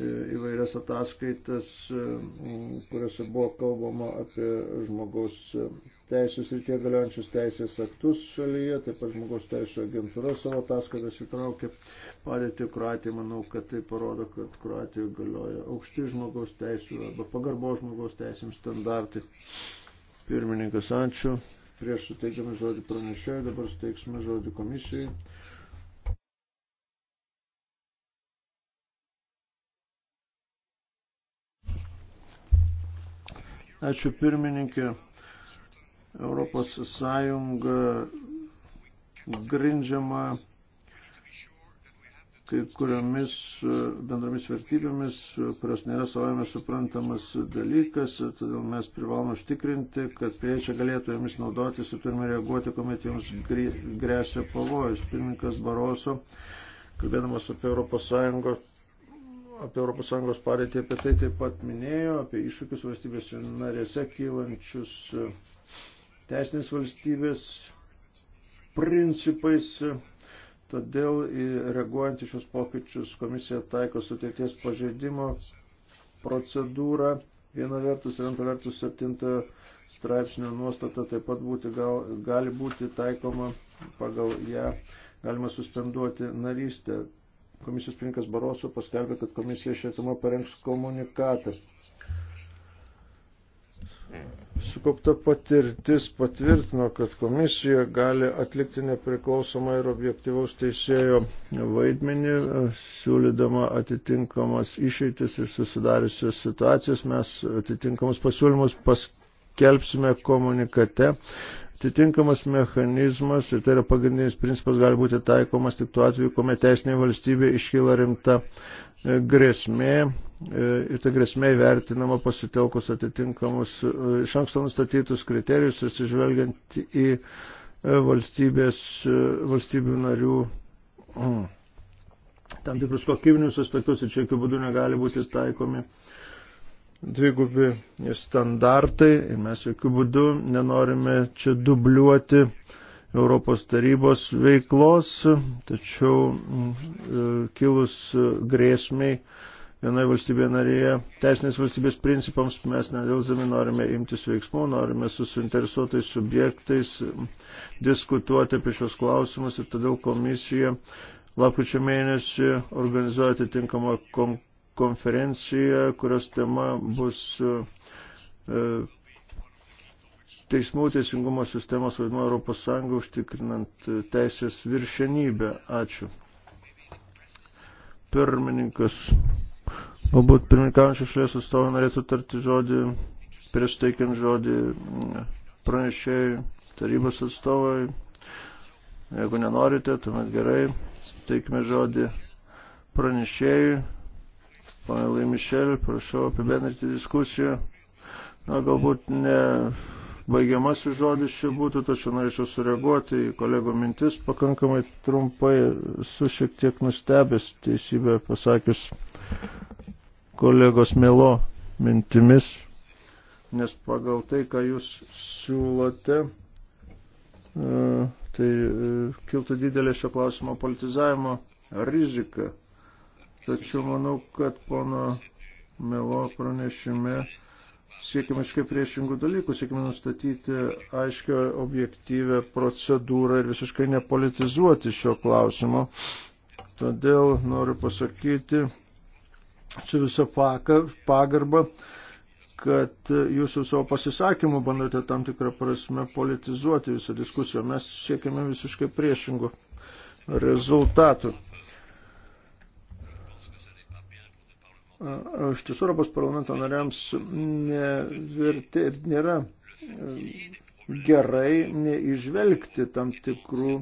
įvairias ataskaitas, e, kuriuose buvo kalbama apie žmogaus teisės ir tie galiojančius teisės aktus šalyje, taip pat žmogaus teisės agentūra savo ataskaitas įtraukė padėti Kroatijai. Manau, kad tai parodo, kad Kroatijoje galioja aukšti žmogaus teisų arba pagarbo žmogaus teisėms standartai. Pirmininkas, ačiū. Prieš suteikdami žodį pranešėjai, dabar suteiksime žodį komisijai. Ačiū pirmininkė. Europos Sąjunga grindžiama kai kuriomis bendromis vertybėmis, kurios nėra savame suprantamas dalykas, todėl mes privalome užtikrinti, kad priečiai galėtų jomis naudotis ir turime reaguoti, kuomet jums grėsia pavojus. Pirmininkas Baroso, kalbėdamas apie ES apie ES padėtį, apie tai taip pat minėjo, apie iššūkius valstybės narėse kylančius e, teisinės valstybės principais. Todėl reaguojant į šios pokyčius komisija taiko suteikties pažeidimo procedūrą. Viena vertus ir antra vertus septintojo straipsnio nuostata taip pat būti, gal, gali būti taikoma pagal ją galima suspenduoti narystę komisijos pirinkas Baroso paskelbė, kad komisija šią temą parengs komunikatą. Sukaupta patirtis patvirtino, kad komisija gali atlikti nepriklausomą ir objektyvaus teisėjo vaidmenį, siūlydama atitinkamas išeitis ir susidariusios situacijos. Mes atitinkamus pasiūlymus paskelbsime komunikate. Atitinkamas mechanizmas, ir tai yra pagrindinis principas, gali būti taikomas tik tuo atveju, kuomet teisinė valstybė iškyla rimta e, grėsmė e, ir ta grėsmė vertinama pasitelkus atitinkamus e, iš anksto nustatytus kriterijus, atsižvelgiant į valstybės, valstybių narių tam tikrus kokybinius aspektus ir čia jokių būdų negali būti taikomi dvigubi standartai ir mes jokių būdų nenorime čia dubliuoti Europos tarybos veiklos, tačiau mm, e, kilus grėsmiai vienai valstybė narėje teisinės valstybės principams mes nedėlzami norime imtis veiksmų, norime su suinteresuotais subjektais diskutuoti apie šios klausimus ir todėl komisija lapkričio mėnesį organizuoja atitinkamą konkursą konferencija, kurios tema bus e, teismų teisingumo sistemos vaidmo Europos Sąjungą užtikrinant teisės viršenybę. Ačiū. Pirmininkas. Galbūt pirmininkaujančių šalies atstovai norėtų tarti žodį, prieš teikiant žodį pranešėjai, tarybos atstovai. Jeigu nenorite, tuomet gerai, teikime žodį pranešėjai. Pane Laimišel, prašau apibendrinti diskusiją. Na, galbūt ne baigiamasis žodis čia būtų, tačiau norėčiau sureaguoti į kolego mintis pakankamai trumpai, su šiek tiek nustebęs teisybę pasakius kolegos Melo mintimis, nes pagal tai, ką jūs siūlote, e, tai e, kiltų didelė šio klausimo politizavimo rizika. Tačiau manau, kad pono Melo pranešime siekime iškai priešingų dalykų, siekime nustatyti aiškę objektyvę procedūrą ir visiškai nepolitizuoti šio klausimo. Todėl noriu pasakyti su visą pagarbą, kad jūs jau savo pasisakymu bandote tam tikrą prasme politizuoti visą diskusiją. Mes siekime visiškai priešingų rezultatų. Iš tiesų, Europos parlamento nariams verti ir nėra e, gerai neižvelgti tam tikrų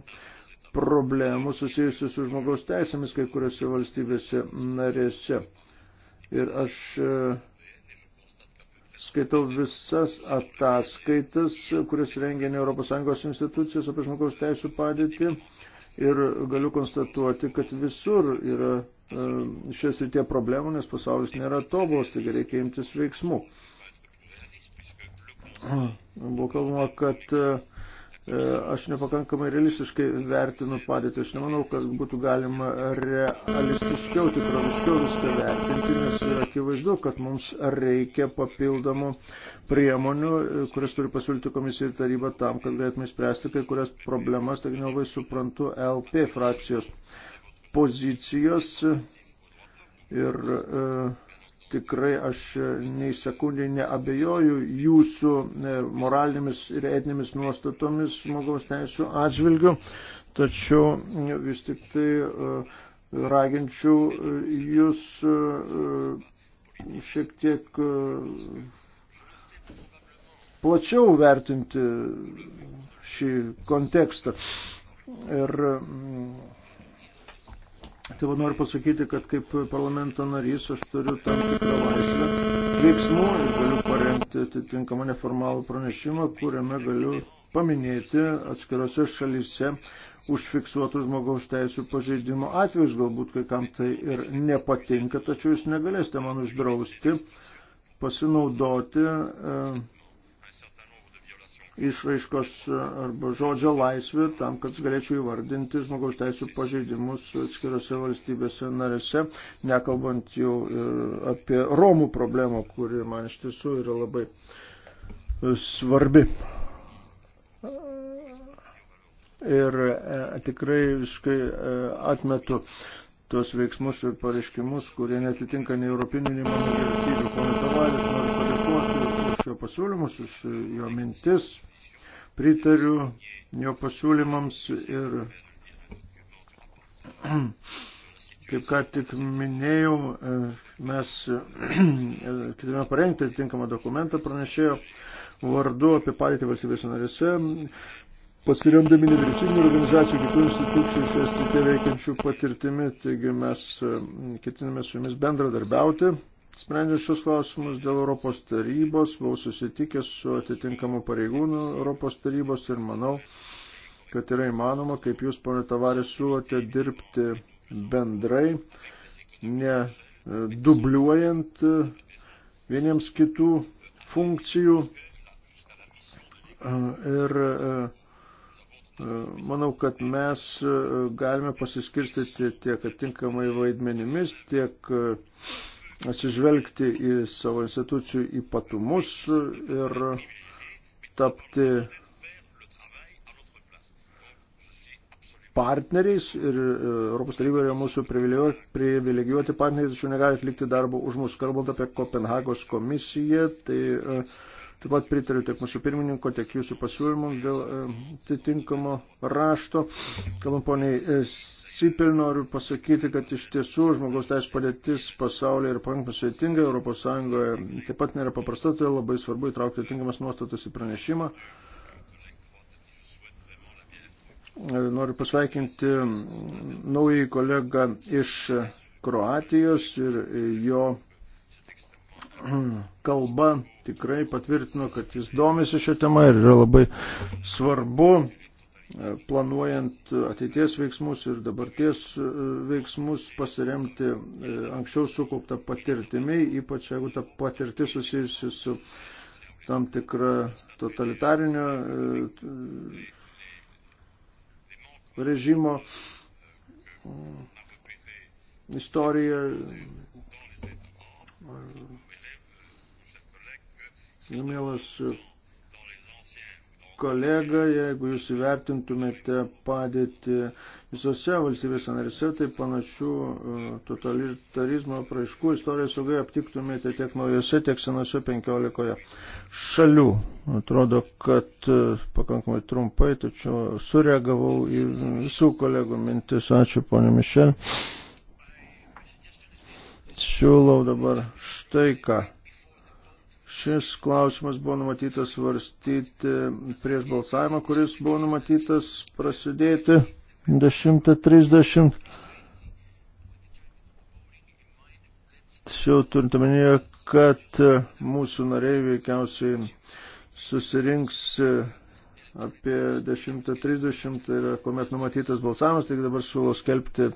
problemų susijusių su žmogaus teisėmis kai kuriuose valstybėse narėse. Ir aš e, skaitau visas ataskaitas, kurias rengia ne ES institucijos apie žmogaus teisų padėtį ir galiu konstatuoti, kad visur yra šias ir tie problemų, nes pasaulis nėra tobulas, taigi reikia imtis veiksmų. Buvo kalbama, kad e, e, aš nepakankamai realistiškai vertinu padėtį. Aš nemanau, kad būtų galima realistiškiau, tikroviškiau viską vertinti, nes akivaizdu, kad mums reikia papildomų priemonių, e, kurias turi pasiūlyti komisija ir taryba tam, kad galėtume spręsti kai kurias problemas, taigi nelabai suprantu LP frakcijos pozicijos ir e, tikrai aš nei sekundį neabejoju jūsų e, moralinėmis ir etinėmis nuostatomis žmogaus teisų atžvilgių, tačiau e, vis tik tai e, raginčiau jūs šiek tiek plačiau vertinti šį kontekstą. Ir Tai va noriu pasakyti, kad kaip parlamento narys aš turiu tam tikrą laisvę veiksmų ir galiu parengti atitinkamą neformalų pranešimą, kuriame galiu paminėti atskirose šalyse užfiksuotų žmogaus teisų pažeidimo atvejus. Galbūt kai kam tai ir nepatinka, tačiau jūs negalėsite man uždrausti pasinaudoti. E, išraiškos e, arba žodžio laisvė tam, kad galėčiau įvardinti žmogaus teisų pažeidimus atskirose valstybėse narėse, nekalbant jau apie Romų problemą, kuri man iš tiesų yra labai e, svarbi. Ir e, tikrai viskai atmetu tuos veiksmus ir pareiškimus, kurie netitinka nei europinių, nei mano vertybių. Ponas Tavalis, pasiūlymus, už jo mintis, pritariu jo pasiūlymams ir kaip ką tik minėjau, e, mes e, kitame parengti atitinkamą dokumentą pranešėjo vardu apie patį valstybės narėse, pasiremdami nevyriausybinių organizacijų kitų institucijų šioje srityje veikiančių patirtimi, taigi mes e, ketiname su jumis bendradarbiauti Sprendžiant šios klausimus dėl Europos tarybos, buvau susitikęs su atitinkamu pareigūnu Europos tarybos ir manau, kad yra įmanoma, kaip jūs, ponė Tavarė, siūlote dirbti bendrai, ne e, dubliuojant e, vieniems kitų funkcijų. E, ir manau, kad mes galime pasiskirstyti tiek atinkamai vaidmenimis, tiek uh, atsižvelgti į savo institucijų ypatumus ir tapti partneriais ir e, Europos taryba yra mūsų privilegijuoti partneriai, tačiau negali atlikti darbo už mus. Kalbant apie Kopenhagos komisiją, tai uh, Taip pat pritariu tiek mūsų pirmininko, tiek jūsų pasiūlymams dėl e, atitinkamo rašto. Kalbant poniai e, Sipel, noriu pasakyti, kad iš tiesų žmogaus teisų padėtis pasaulyje yra pakankamai sveitinga, Europos Sąjungoje taip pat nėra paprasta, todėl tai labai svarbu įtraukti atitinkamas nuostatas į pranešimą. E, noriu pasveikinti naująjį kolegą iš Kroatijos ir jo kalba tikrai patvirtino, kad jis domisi šią temą ir yra labai svarbu e, planuojant ateities veiksmus ir dabarties e, veiksmus pasiremti e, anksčiau sukauptą patirtimį, ypač jeigu ta patirtis susijusi su tam tikra totalitarinio režimo mm, istorija mielas kolega, jeigu jūs įvertintumėte padėti visose valstybėse narise, tai panašių e, totalitarizmo praaiškų istorijos saugai aptiktumėte tiek naujose, tiek senose 15 šalių. Atrodo, kad e, pakankamai trumpai, tačiau sureagavau į visų kolegų mintis. Ačiū, ponė Mišel. Siūlau dabar štai ką. Šis klausimas buvo numatytas svarstyti prieš balsavimą, kuris buvo numatytas prasidėti 10.30. Tačiau turint omenyje, kad mūsų nariai veikiausiai susirinks apie 10.30, tai yra kuomet numatytas balsavimas, taigi dabar siūlau skelbti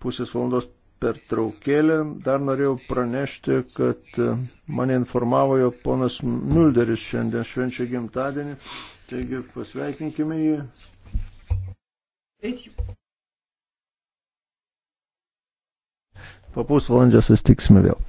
pusės valandos pertraukėlę. Dar norėjau pranešti, kad e, mane informavo, jog ponas Mulderis šiandien švenčia gimtadienį. Taigi pasveikinkime jį. Po pusvalandžio sustiksime vėl.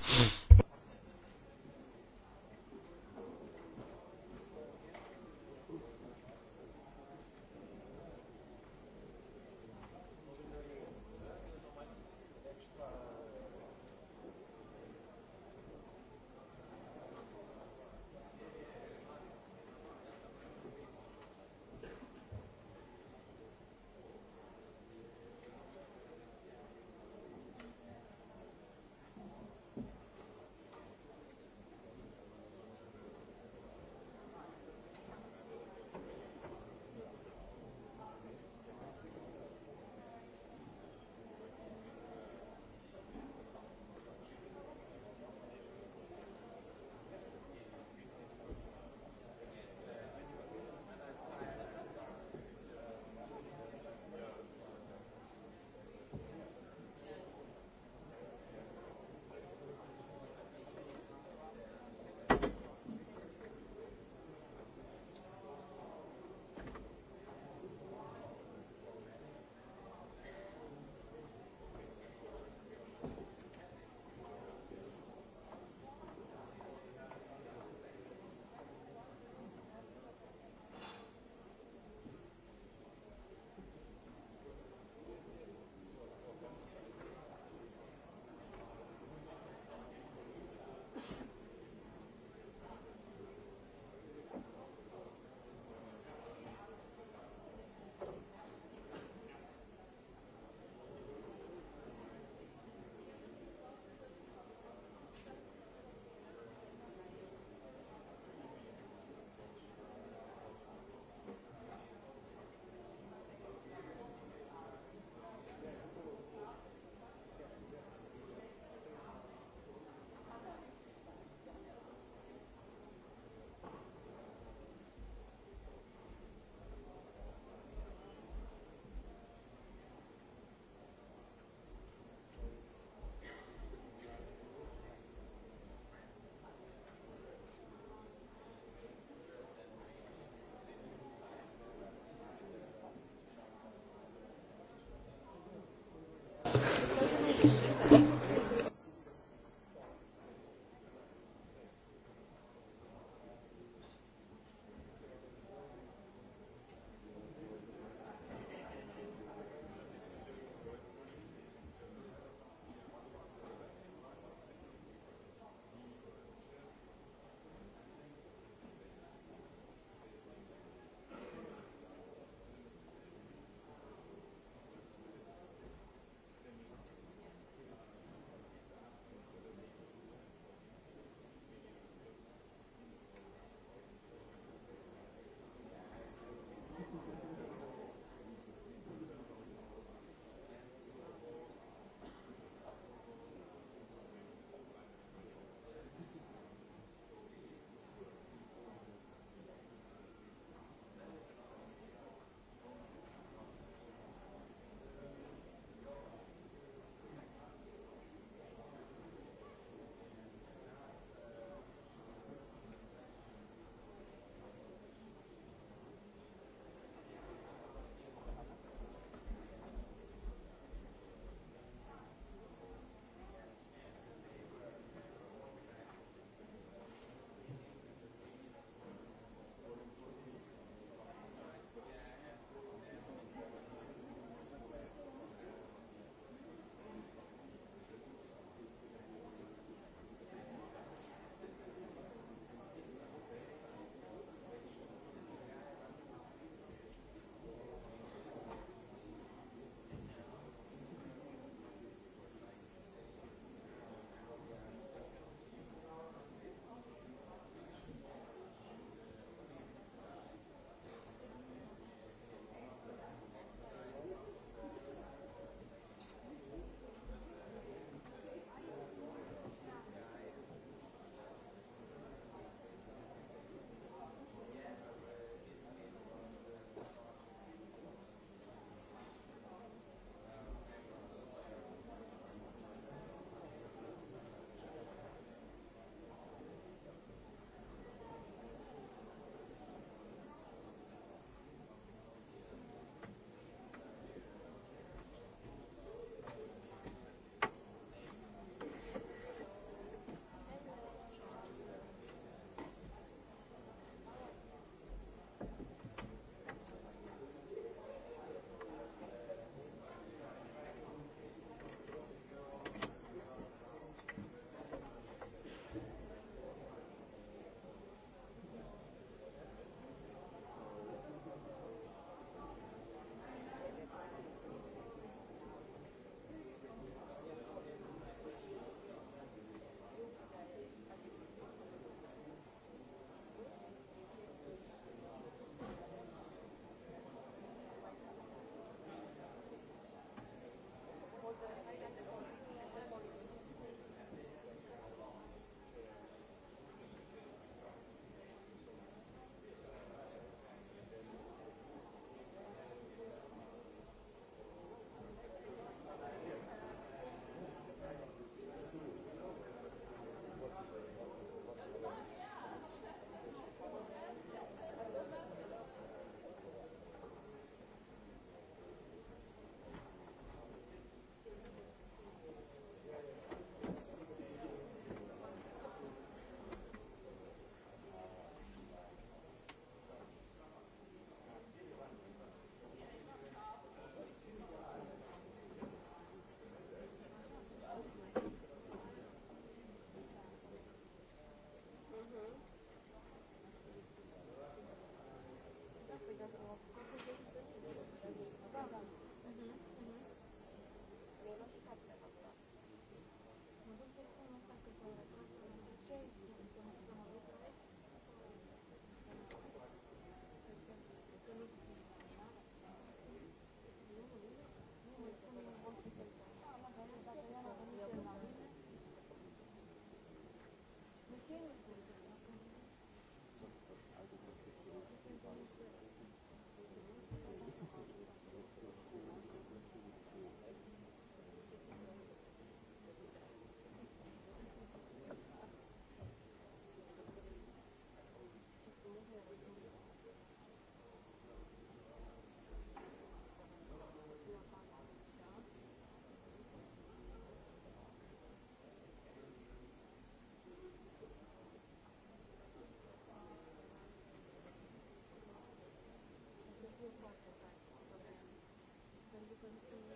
frequency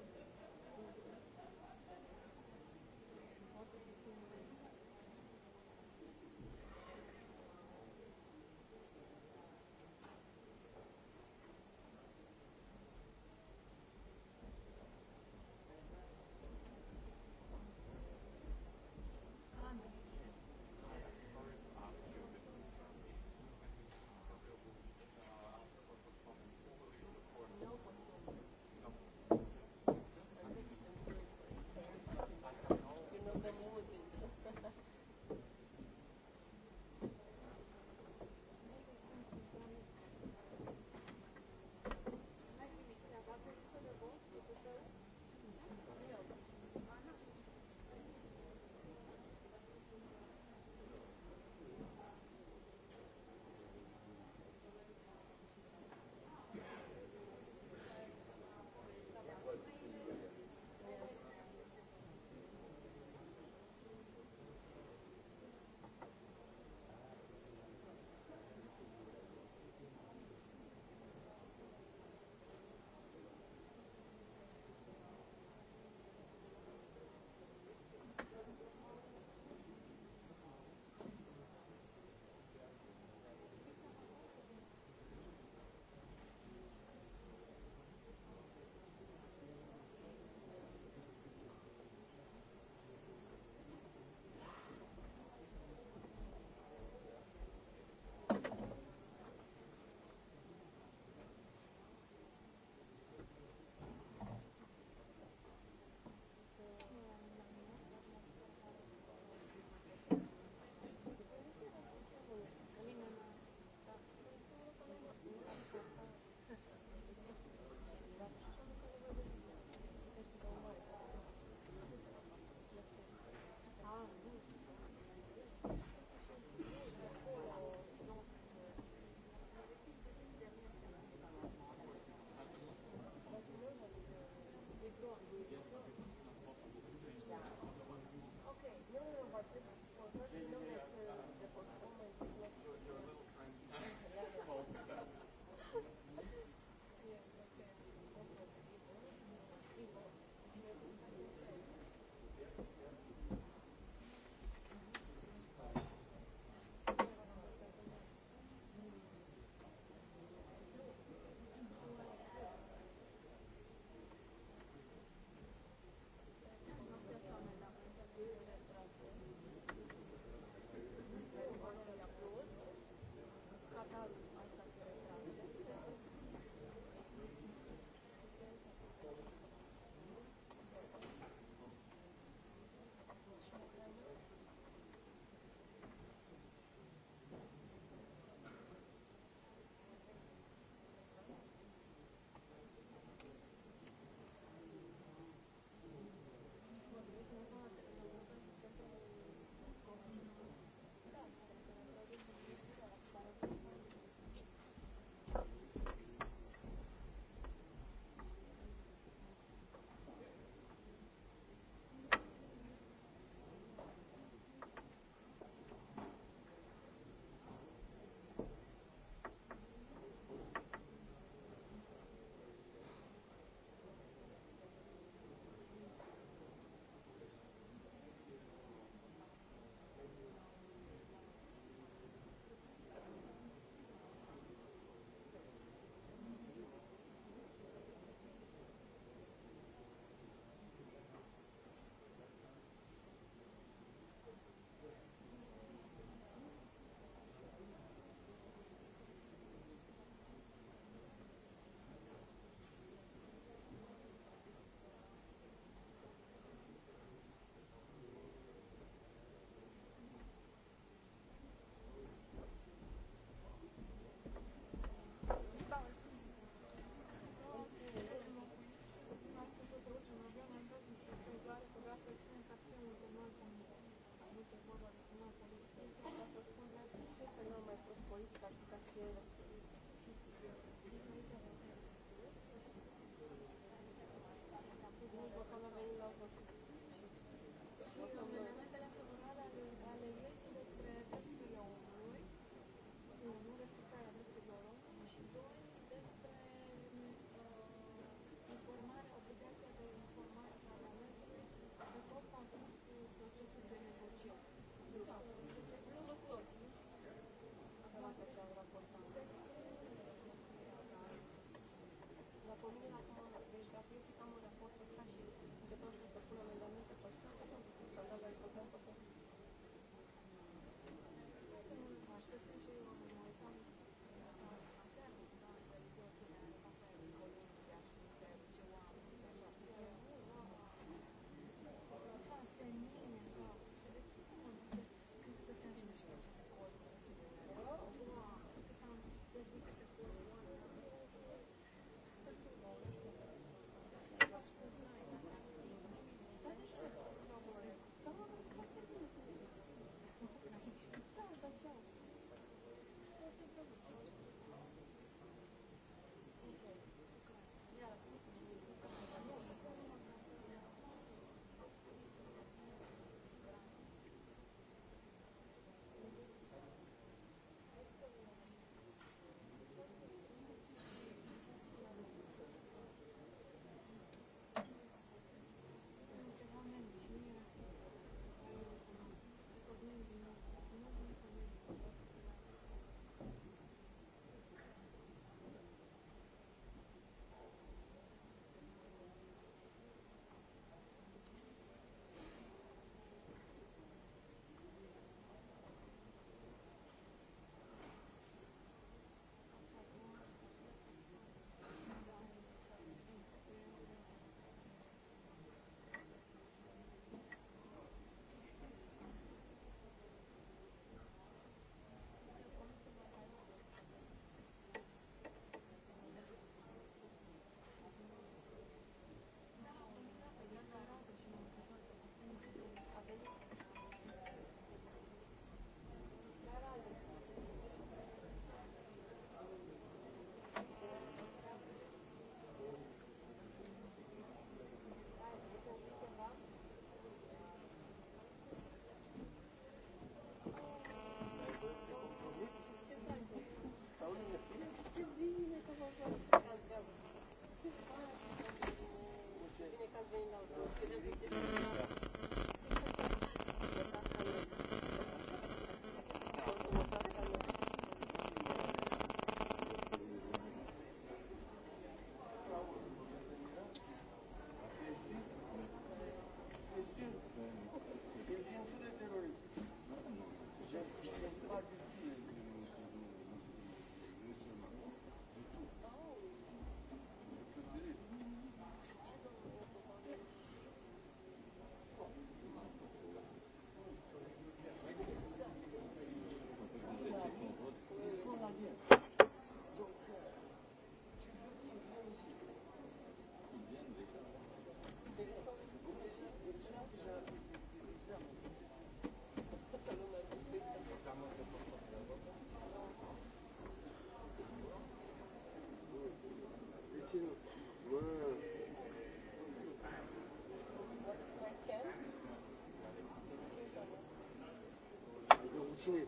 pornirea ca deci dacă eu picam un raport ca și începeam să pun amendamente pe așa, așa am făcut scandal, dar am făcut. Aștept și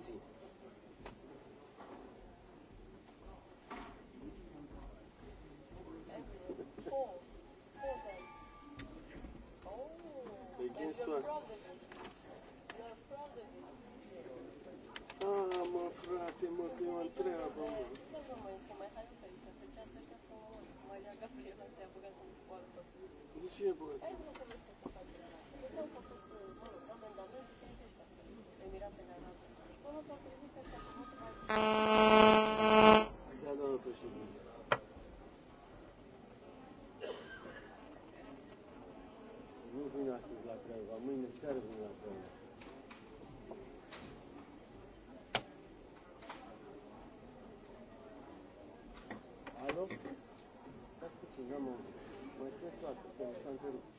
pozicijai. They gave to us. vin astăzi la Craiova, mâine seară vin la Craiova. Alo? Dar cu cine am auzit? Mai spune toată, că nu s-a întrerupt.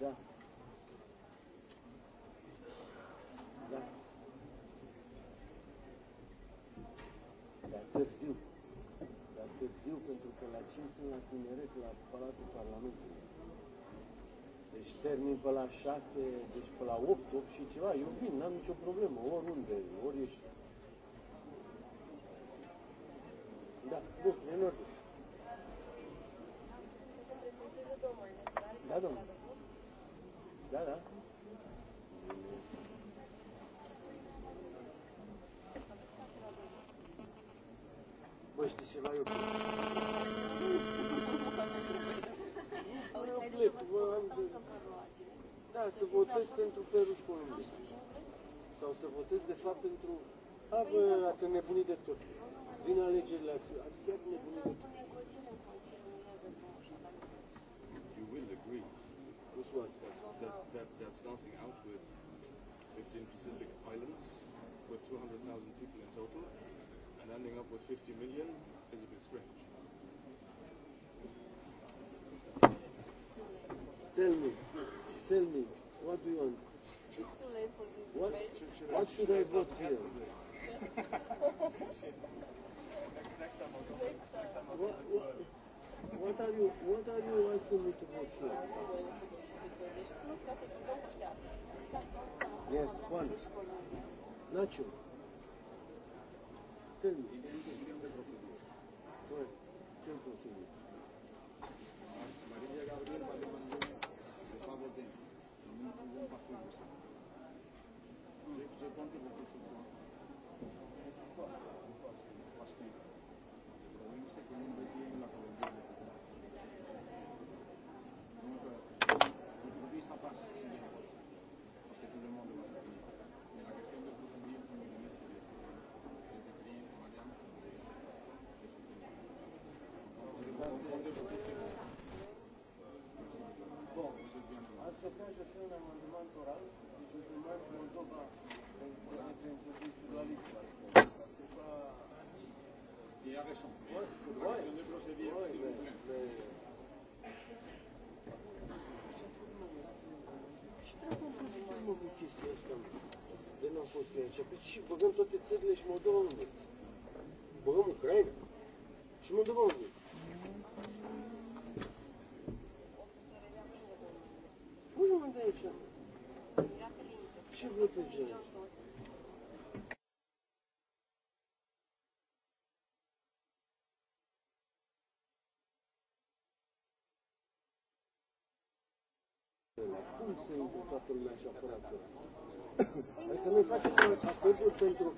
Da. în Tineret la Palatul Parlamentului. Deci termin pe la 6, deci pe la 8, 8 și ceva. Eu vin, n-am nicio problemă, oriunde, ori ești. Da, bun, e în ordine. pentru Peru și Columbia. Sau să votez, de fapt, pentru... A, bă, ați înnebunit de tot. Vin alegerile, ați, ați chiar înnebunit de tot. You will agree. With what? That's, that, that, that's starting out with 15 Pacific Islands with 200,000 people in total and ending up with 50 million is a bit strange. Tell me, tell me, What do you want? She's too late for this what, debate. What should I vote here? next, next time I'll go. Next time. Next time I'll what, what, what are you What are you asking me to vote for? Yes, one. Nacho. Tell me. Well, tell me. María Gabriel Valdemar. Je, je compte beaucoup sur toi. Cum se judecă lumea și apăratura? Adică noi facem acordul pentru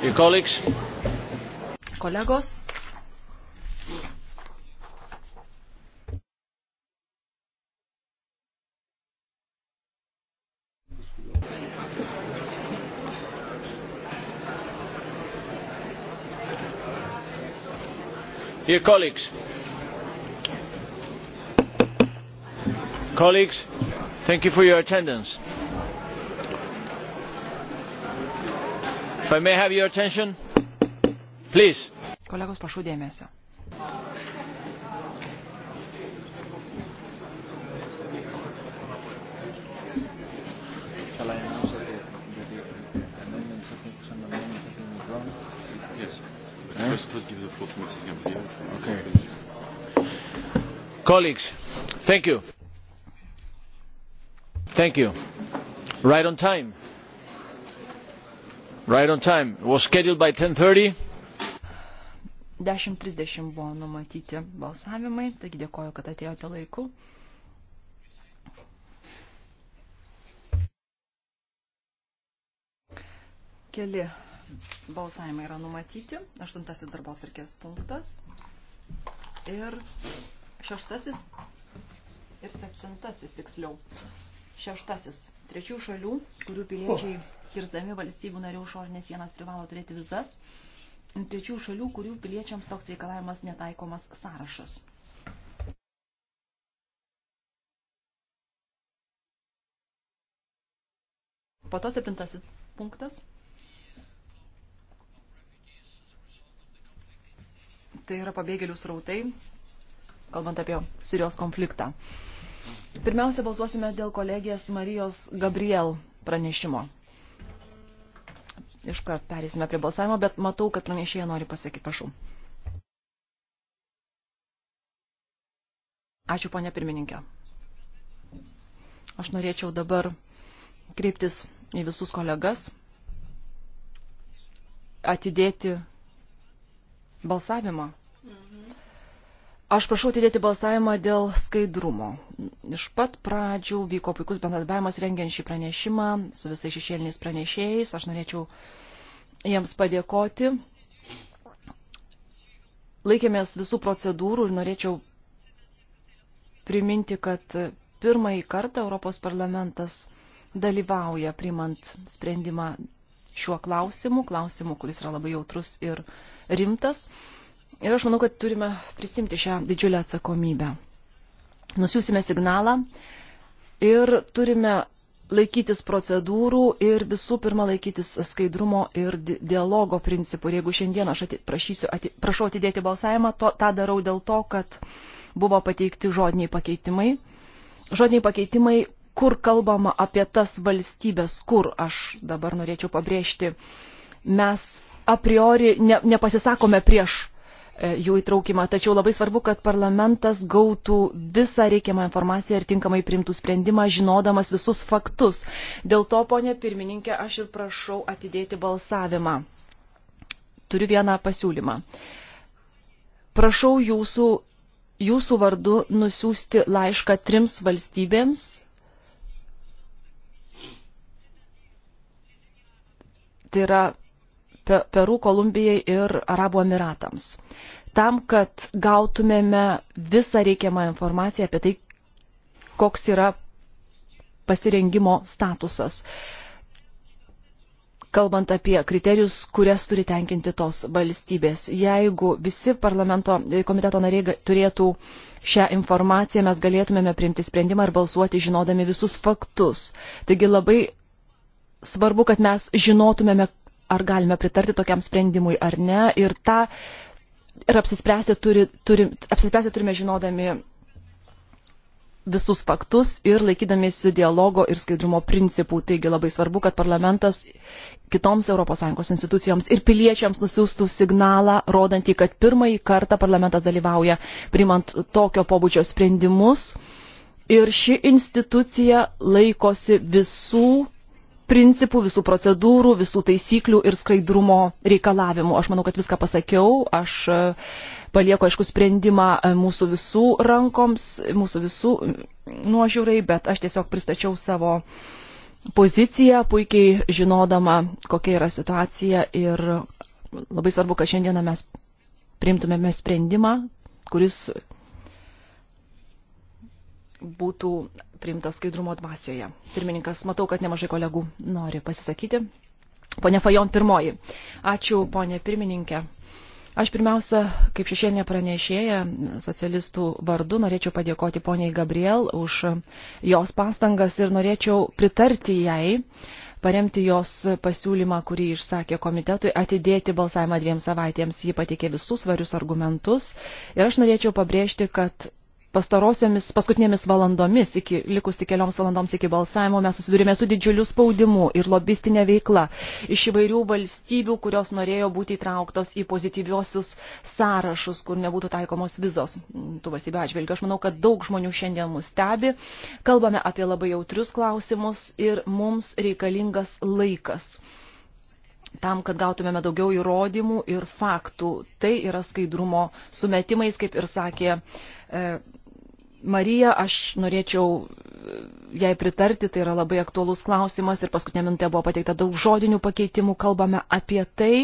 Kolegos. Dear colleagues, colleagues, thank you for your attendance. Kolegos, prašau dėmesio. Eh? colleagues thank you thank you right on time. Right on time. It was scheduled by 10.30. 10.30 buvo numatyti balsavimai, taigi dėkoju, kad atėjote laiku. Keli balsavimai yra numatyti. Aštuntasis darbo atvarkės punktas. Ir šeštasis ir septintasis tiksliau. Šeštasis. Trečių šalių, kurių piliečiai kirzdami valstybių narių išorinės sienas privalo turėti vizas. Trečių šalių, kurių piliečiams toks reikalavimas netaikomas sąrašas. Po to septintasis punktas. Tai yra pabėgėlių srautai, kalbant apie Sirijos konfliktą. Pirmiausia, balsuosime dėl kolegijos Marijos Gabriel pranešimo. Iškart perėsime prie balsavimo, bet matau, kad pranešėja nori pasakyti, prašau. Ačiū, ponė pirmininkė. Aš norėčiau dabar kreiptis į visus kolegas, atidėti balsavimą. Mhm Aš prašau atidėti balsavimą dėl skaidrumo. Iš pat pradžių vyko puikus bendradarbiavimas rengiant šį pranešimą su visais šešėliniais pranešėjais. Aš norėčiau jiems padėkoti. Laikėmės visų procedūrų ir norėčiau priminti, kad pirmąjį kartą Europos parlamentas dalyvauja primant sprendimą šiuo klausimu, klausimu, kuris yra labai jautrus ir rimtas. Ir aš manau, kad turime prisimti šią didžiulę atsakomybę. Nusiūsime signalą ir turime laikytis procedūrų ir visų pirma laikytis skaidrumo ir di dialogo principų. Ir jeigu šiandien aš ati prašysiu, ati prašau atidėti balsavimą, to, tą darau dėl to, kad buvo pateikti žodiniai pakeitimai. Žodiniai pakeitimai, kur kalbama apie tas valstybės, kur aš dabar norėčiau pabrėžti, mes a priori ne, nepasisakome prieš E, jų įtraukimą, tačiau labai svarbu, kad parlamentas gautų visą reikiamą informaciją ir tinkamai primtų sprendimą, žinodamas visus faktus. Dėl to, ponė pirmininkė, aš ir prašau atidėti balsavimą. Turiu vieną pasiūlymą. Prašau jūsų, jūsų vardu nusiųsti laišką trims valstybėms. Tai yra Peru, Kolumbijai ir Arabų Emiratams. Tam, kad gautumėme visą reikiamą informaciją apie tai, koks yra pasirengimo statusas. Kalbant apie kriterijus, kurias turi tenkinti tos valstybės. Jeigu visi parlamento komiteto nariai turėtų šią informaciją, mes galėtumėme priimti sprendimą ir balsuoti žinodami visus faktus. Taigi labai svarbu, kad mes žinotumėme, ar galime pritarti tokiam sprendimui ar ne. Ir tą ir apsispręsti, turi, turi, apsispręsti turime žinodami visus faktus ir laikydamėsi dialogo ir skaidrumo principų. Taigi labai svarbu, kad parlamentas kitoms ES institucijoms ir piliečiams nusiųstų signalą, rodantį, kad pirmąjį kartą parlamentas dalyvauja primant tokio pobūdžio sprendimus. Ir ši institucija laikosi visų principų, visų procedūrų, visų taisyklių ir skaidrumo reikalavimų. Aš manau, kad viską pasakiau. Aš e, palieku, aišku, sprendimą e, mūsų visų rankoms, mūsų visų nuožiūrai, bet aš tiesiog pristačiau savo poziciją, puikiai žinodama, kokia yra situacija ir labai svarbu, kad šiandieną mes priimtumėme sprendimą, kuris būtų priimtas skaidrumo dvasioje. Pirmininkas, matau, kad nemažai kolegų nori pasisakyti. Pone Fajon, pirmoji. Ačiū, ponė pirmininkė. Aš pirmiausia, kaip šešėlinė pranešėja socialistų vardu, norėčiau padėkoti poniai Gabriel už jos pastangas ir norėčiau pritarti jai, paremti jos pasiūlymą, kurį išsakė komitetui, atidėti balsavimą dviem savaitėms. Ji pateikė visus svarius argumentus ir aš norėčiau pabrėžti, kad pastarosiomis paskutinėmis valandomis, iki, likus tik kelioms valandoms iki balsavimo, mes susidurime su didžiuliu spaudimu ir lobistinė veikla iš įvairių valstybių, kurios norėjo būti įtrauktos į pozityviosius sąrašus, kur nebūtų taikomos vizos tų valstybių atžvilgių. Aš manau, kad daug žmonių šiandien mus stebi, kalbame apie labai jautrius klausimus ir mums reikalingas laikas tam, kad gautumėme daugiau įrodymų ir faktų. Tai yra skaidrumo sumetimais, kaip ir sakė e, Marija, aš norėčiau e, jai pritarti, tai yra labai aktuolus klausimas ir paskutinė minutė buvo pateikta daug žodinių pakeitimų, kalbame apie tai,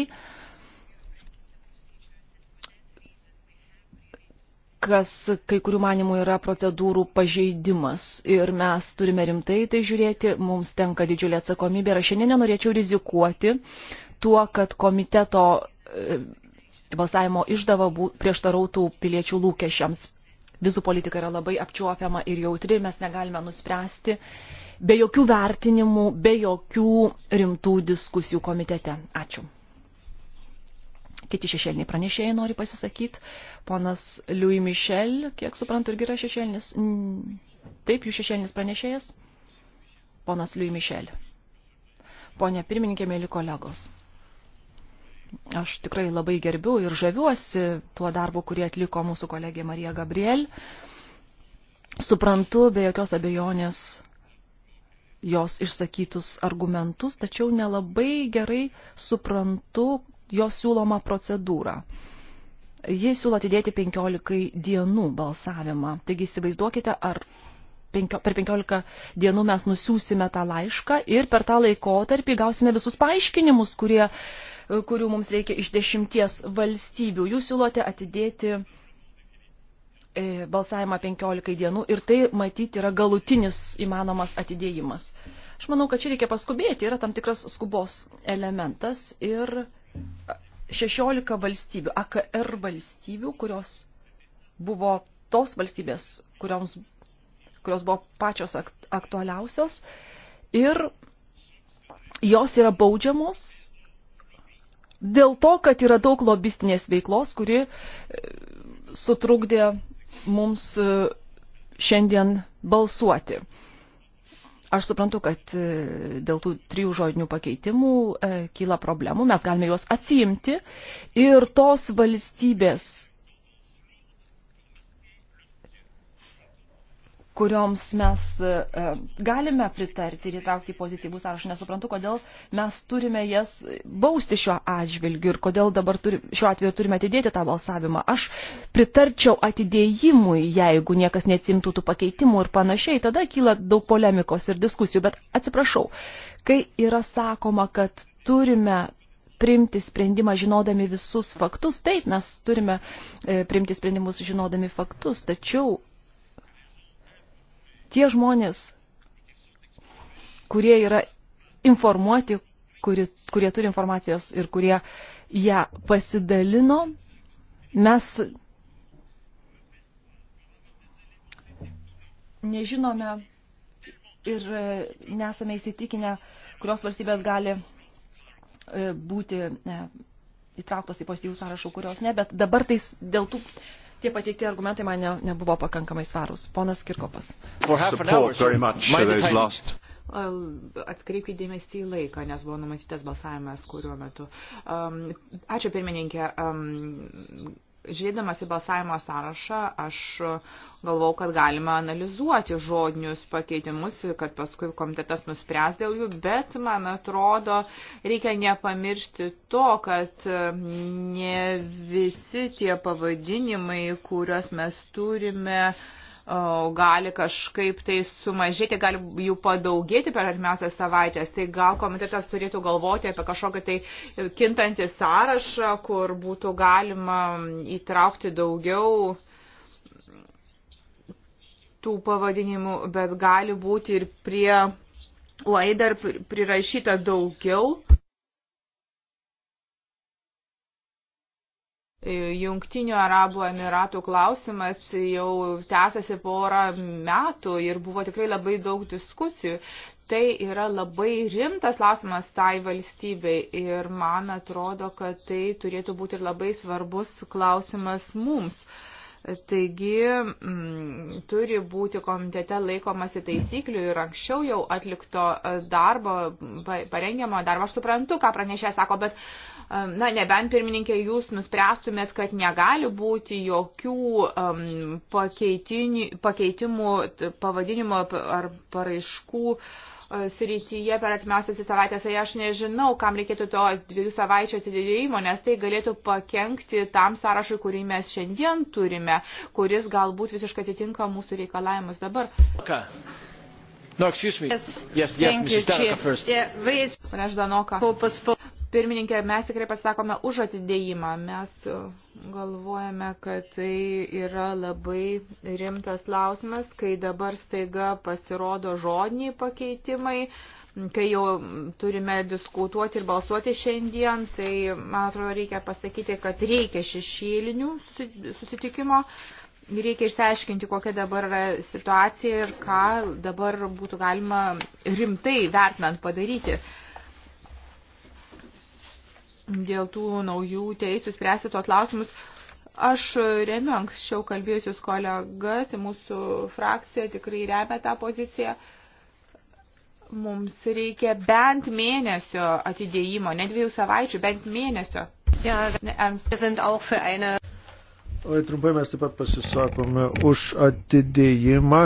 kas kai kurių manimų yra procedūrų pažeidimas ir mes turime rimtai tai žiūrėti, mums tenka didžiulė atsakomybė ir aš šiandien nenorėčiau rizikuoti tuo, kad komiteto e, balsavimo išdava prieštarautų piliečių lūkesčiams vizų politika yra labai apčiuopiama ir jautri ir mes negalime nuspręsti be jokių vertinimų, be jokių rimtų diskusijų komitete. Ačiū. Kiti šešėliniai pranešėjai nori pasisakyti. Ponas Louis Michel, kiek suprantu, irgi yra šešėlinis. Mm, taip, jų šešėlinis pranešėjas. Ponas Louis Michel. Pone pirmininkė, mėly kolegos. Aš tikrai labai gerbiu ir žaviuosi tuo darbu, kurį atliko mūsų kolegė Marija Gabriel. Suprantu be jokios abejonės jos išsakytus argumentus, tačiau nelabai gerai suprantu jos siūlomą procedūrą. Ji siūlo atidėti 15 dienų balsavimą. Taigi įsivaizduokite, ar penkio, per 15 dienų mes nusiųsime tą laišką ir per tą laikotarpį gausime visus paaiškinimus, kurie uh, kurių mums reikia iš dešimties valstybių. Jūs siūlote atidėti e, balsavimą 15 dienų ir tai matyti yra galutinis įmanomas atidėjimas. Aš manau, kad čia reikia paskubėti, yra tam tikras skubos elementas ir 16 valstybių, AKR valstybių, kurios buvo tos valstybės, kurioms, kurios buvo pačios aktualiausios ir jos yra baudžiamos dėl to, kad yra daug lobistinės veiklos, kuri e, sutrukdė mums e, šiandien balsuoti. Aš suprantu, kad e, dėl tų trijų žodinių pakeitimų e, kyla problemų, mes galime juos atsiimti ir tos valstybės kurioms mes e, e, galime pritarti ir įtraukti į pozityvų sąrašą. Nesuprantu, kodėl mes turime jas bausti šiuo atžvilgiu ir kodėl dabar turi, šiuo atveju turime atidėti tą balsavimą. Aš pritarčiau atidėjimui, jeigu niekas neatsimtų tų pakeitimų ir panašiai. Tada kyla daug polemikos ir diskusijų, bet atsiprašau, kai yra sakoma, kad turime priimti sprendimą žinodami visus faktus. Taip, mes turime e, priimti sprendimus žinodami faktus, tačiau tie žmonės, kurie yra informuoti, kuri, kurie turi informacijos ir kurie ją pasidalino, mes nežinome ir e, nesame įsitikinę, kurios valstybės gali e, būti ne, įtrauktos į pozityvų sąrašų, kurios ne, bet dabar tais dėl tų tie pateikti argumentai man ne, nebuvo pakankamai svarūs. Ponas Kirkopas. Uh, atkreipkite dėmesį į laiką, nes buvo numatytas balsavimas kuriuo metu. Um, ačiū pirmininkė. Um, Žiūrėdamas į balsavimo sąrašą, aš galvau, kad galima analizuoti žodinius pakeitimus, kad paskui komitetas nuspręs dėl jų, bet man atrodo, reikia nepamiršti to, kad ne visi tie pavadinimai, kuriuos mes turime, uh, gali kažkaip tai sumažėti, gali jų padaugėti per artimiausias savaitės. Tai gal komitetas turėtų galvoti apie kažkokį tai kintantį sąrašą, kur būtų galima įtraukti daugiau tų pavadinimų, bet gali būti ir prie UAI dar prirašyta daugiau Jungtinių Arabų Emiratų klausimas jau tęsiasi porą metų ir buvo tikrai labai daug diskusijų. Tai yra labai rimtas klausimas tai valstybei ir man atrodo, kad tai turėtų būti ir labai svarbus klausimas mums. Taigi m, mm, turi būti komitete laikomasi taisyklių ir anksčiau jau atlikto darbo, parengiamo darbo, aš suprantu, ką pranešė sako, bet uh, Na, nebent pirmininkė, jūs nuspręstumėt, kad negali būti jokių um, pakeitimų pavadinimo ar paraiškų uh, srityje per atmiausias savaitės. Tai aš nežinau, kam reikėtų to dviejų savaičių atidėjimo, nes tai galėtų pakengti tam sąrašui, kurį mes šiandien turime, kuris galbūt visiškai atitinka mūsų reikalavimus dabar. Okay. No, excuse me. Yes, yes, yes Mrs. Danoka first. Yeah, we... Danoka. Pirmininkė, mes tikrai pasakome už atidėjimą. Mes uh, galvojame, kad tai yra labai rimtas klausimas, kai dabar staiga pasirodo žodiniai pakeitimai, kai jau turime diskutuoti ir balsuoti šiandien, tai, man atrodo, reikia pasakyti, kad reikia šešėlinių susitikimo. Reikia išsiaiškinti, kokia dabar yra situacija ir ką dabar būtų galima rimtai vertinant padaryti. Uh, dėl tų naujų teisų spręsti tuos klausimus. Aš remiu anksčiau kalbėjusius kolegas, mūsų frakcija tikrai remia tą poziciją. Mums reikia bent mėnesio atidėjimo, ne dviejų savaičių, bent mėnesio. Ja, Oi, trumpai mes taip pat pasisakome už atidėjimą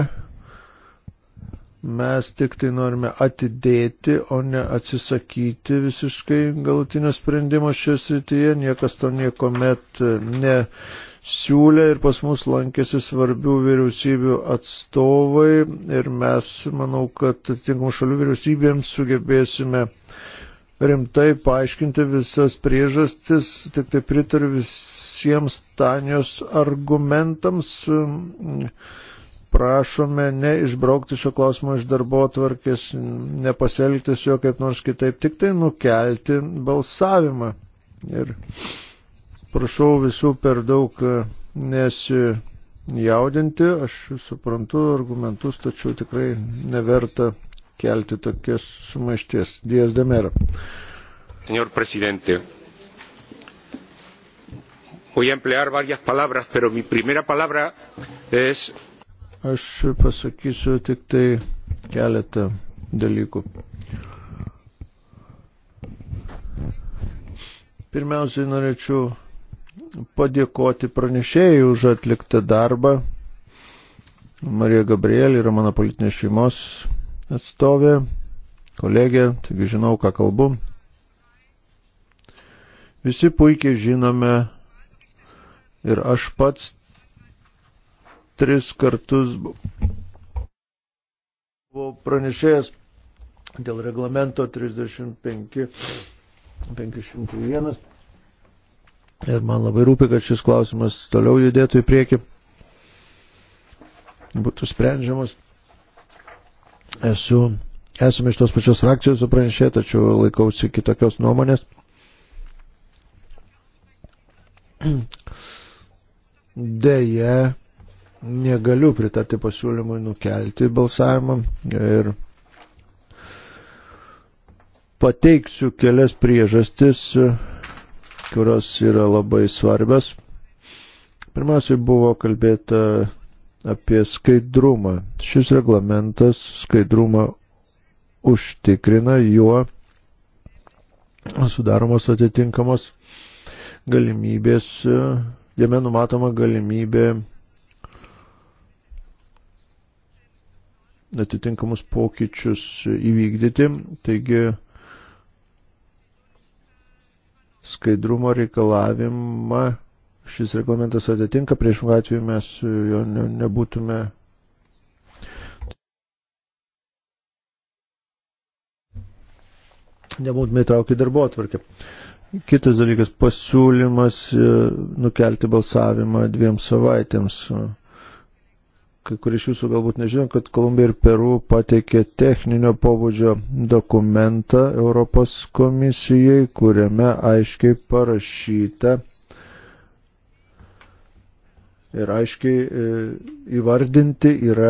mes tik tai norime atidėti, o ne atsisakyti visiškai galutinio sprendimo šioje srityje. Niekas to nieko met nesiūlė ir pas mus lankėsi svarbių vyriausybių atstovai ir mes, manau, kad atitinkamų šalių vyriausybėms sugebėsime rimtai paaiškinti visas priežastis, tik tai pritariu visiems Tanijos argumentams. Mm, prašome neišbraukti šio klausimo iš darbo atvarkės, nepasielgti su jo kaip nors kitaip, tik tai nukelti balsavimą. Ir prašau visų per daug e, nesijaudinti, aš suprantu argumentus, tačiau tikrai neverta kelti tokias sumaišties. Dijas Demera. Señor presidente, voy a emplear varias palabras, pero mi primera palabra es Aš pasakysiu tik tai keletą dalykų. Pirmiausiai norėčiau padėkoti pranešėjai už atliktą darbą. Marija Gabrielė yra mano politinės šeimos atstovė, kolegė, taigi žinau, ką kalbu. Visi puikiai žinome ir aš pats tris kartus buvo pranešėjęs dėl reglamento 35 501 ir man labai rūpi, kad šis klausimas toliau judėtų į priekį, būtų sprendžiamas. Esu, esame iš tos pačios frakcijos supranešė, tačiau laikausi kitokios nuomonės. Deja, negaliu pritarti pasiūlymui nukelti balsavimą ir pateiksiu kelias priežastis, kurios yra labai svarbios. Pirmiausiai buvo kalbėta apie skaidrumą. Šis reglamentas skaidrumą užtikrina, juo sudaromos atitinkamos galimybės, jame numatoma galimybė atitinkamus pokyčius įvykdyti. Taigi skaidrumo reikalavimą šis reglamentas atitinka, priešingą atveju mes jo ne, nebūtume. Nebūtume įtraukę darbo atvarkę. Kitas dalykas - pasiūlymas e, nukelti balsavimą dviem savaitėms kai kurie iš jūsų galbūt nežino, kad Kolumbija ir Peru pateikė techninio pobūdžio dokumentą Europos komisijai, kuriame aiškiai parašyta ir aiškiai e, įvardinti yra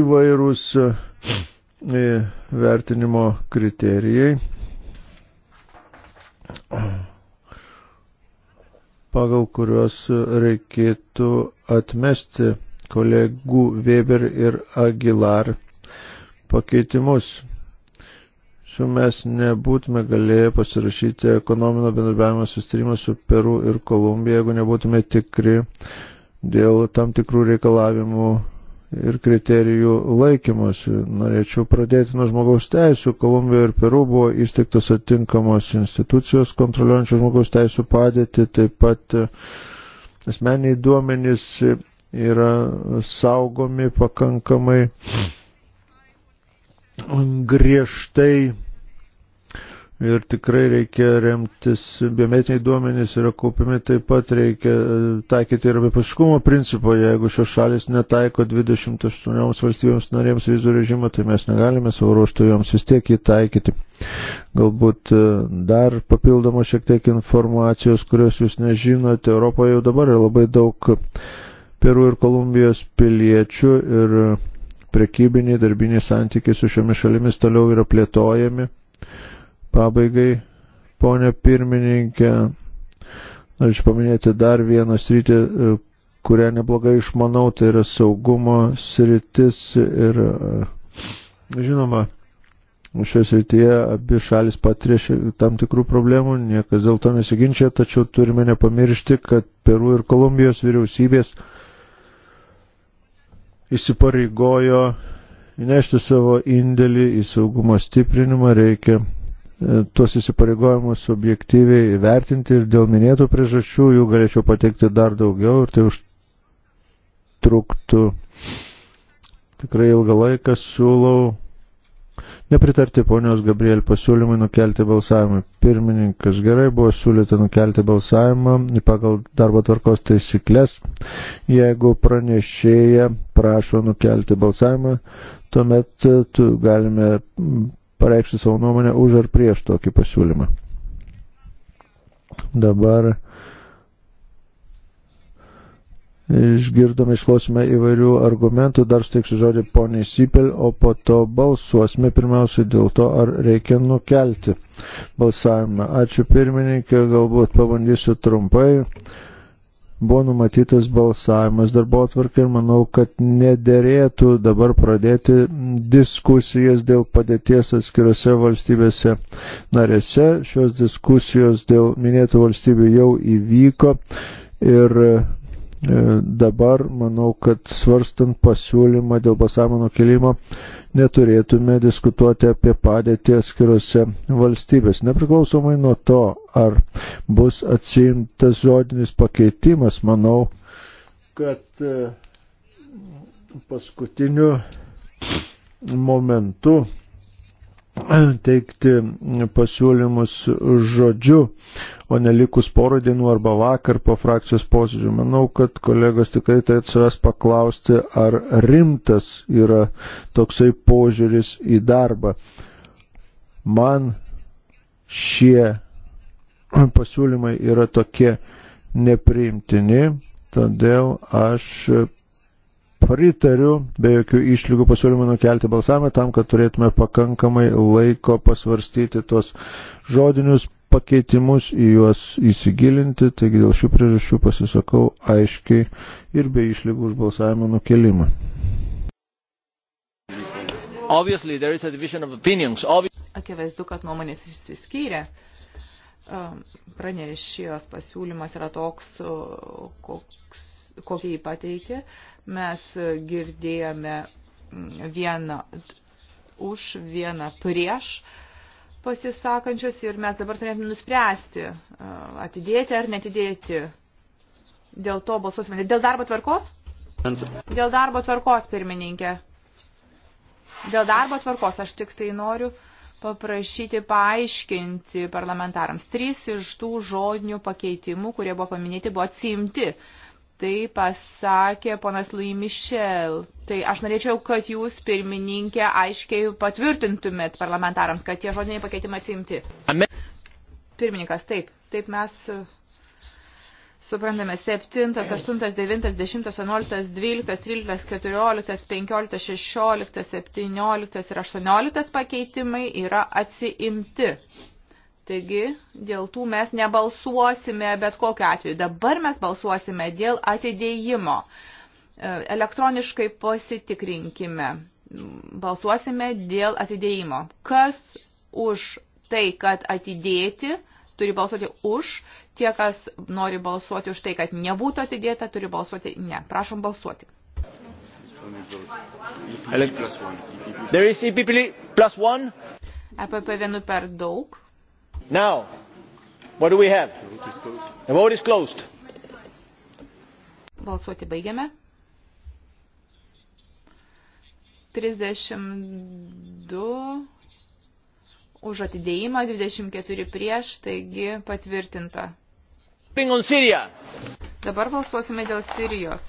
įvairūs e, vertinimo kriterijai pagal kuriuos reikėtų atmesti kolegų Weber ir Aguilar pakeitimus. Šiuo mes nebūtume galėję pasirašyti ekonominio bendradarbiavimo sustarimą su Peru ir Kolumbija, jeigu nebūtume tikri dėl tam tikrų reikalavimų ir kriterijų laikymosi. Norėčiau pradėti nuo žmogaus teisų. Kolumbijoje ir Peru buvo įsteigtos atinkamos institucijos kontroliuojančios žmogaus teisų padėtį, taip pat asmeniai duomenys yra saugomi pakankamai griežtai ir tikrai reikia remtis biometriniai duomenys yra kaupiami, taip pat reikia e, taikyti ir abipusiškumo principą, jeigu šios šalis netaiko 28 valstybėms narėms vizų režimą, tai mes negalime savo ruoštų joms vis tiek įtaikyti. Galbūt e, dar papildomo šiek tiek informacijos, kurios jūs nežinote, Europoje jau dabar yra labai daug Peru ir Kolumbijos piliečių ir prekybiniai darbiniai santykiai su šiomis šalimis toliau yra plėtojami. Pabaigai, ponė pirmininkė, norėčiau paminėti dar vieną sritį, e, kurią neblogai išmanau, tai yra saugumo sritis ir e, žinoma, šioje srityje abi šalis patiria tam tikrų problemų, niekas dėl to nesiginčia, tačiau turime nepamiršti, kad Peru ir Kolumbijos vyriausybės įsipareigojo įnešti savo indėlį į saugumo stiprinimą, reikia e, tuos įsipareigojimus objektyviai įvertinti ir dėl minėtų priežasčių jų galėčiau pateikti dar daugiau ir tai užtruktų tikrai ilgą laiką siūlau Nepritarti ponios Gabriel pasiūlymai nukelti balsavimą. Pirmininkas gerai buvo siūlyta nukelti balsavimą pagal darbo tvarkos taisyklės. Jeigu pranešėja prašo nukelti balsavimą, tuomet e, tu galime pareikšti savo nuomonę už ar prieš tokį pasiūlymą. Dabar Išgirdome, išklausime įvairių argumentų, dar steiksiu žodį poniai Sipel, o po to balsuosime pirmiausiai dėl to, ar reikia nukelti balsavimą. Ačiū pirmininkė, galbūt pabandysiu trumpai. Buvo numatytas balsavimas darbo atvarkė ir manau, kad nederėtų dabar pradėti diskusijas dėl padėties atskirose valstybėse narėse. Šios diskusijos dėl minėtų valstybių jau įvyko ir E, dabar manau, kad svarstant pasiūlymą dėl balsavimo nukelimo neturėtume diskutuoti apie padėtį atskirose valstybės. Nepriklausomai nuo to, ar bus atsiimtas žodinis pakeitimas, manau, kad e, paskutiniu momentu teikti pasiūlymus žodžiu, o nelikus porą dienų arba vakar po frakcijos posėdžių. Manau, kad kolegos tikrai tai atsiras paklausti, ar rimtas yra toksai požiūris į darbą. Man šie pasiūlymai yra tokie nepriimtini, todėl aš pritariu be jokių išlygų pasiūlymų nukelti balsavimą tam, kad turėtume pakankamai laiko pasvarstyti tuos žodinius pakeitimus, į juos įsigilinti, taigi dėl šių priežasčių pasisakau aiškiai ir be išlygų už balsavimo nukelimą. Akivaizdu, kad nuomonės išsiskyrė ehm, pranešėjos pasiūlymas yra toks, koks kokį jį pateikė. Mes girdėjome mm, vieną už, vieną prieš pasisakančius ir mes dabar turėtume nuspręsti, e, atidėti ar netidėti. Dėl to balsuosime. Dėl darbo tvarkos? Dėl darbo tvarkos, pirmininkė. Dėl darbo tvarkos aš tik tai noriu paprašyti paaiškinti parlamentarams. Trys iš tų žodinių pakeitimų, kurie buvo paminėti, buvo atsimti. Uh, tai pasakė ponas Louis Michel. Tai aš norėčiau, kad jūs, pirmininkė, aiškiai patvirtintumėt parlamentarams, kad tie žodiniai pakeitimai atsimti. Amen. Pirmininkas, taip. Taip mes e, suprantame 7, 8, 9, 10, 11, 12, 13, 14, 15, 16, 17 ir 18 pakeitimai yra atsiimti. Taigi, dėl tų mes nebalsuosime bet kokiu atveju. Dabar mes balsuosime dėl atidėjimo. E, elektroniškai pasitikrinkime. Balsuosime dėl atidėjimo. Kas už tai, kad atidėti, turi balsuoti už. Tie, kas nori balsuoti už tai, kad nebūtų atidėta, turi balsuoti ne. Prašom balsuoti. EPP e e vienu per daug now what do we have the vote is closed balsuoti baigiame 32 už atidėjimą, 24 prieš, taigi patvirtinta. Dabar balsuosime dėl Sirijos.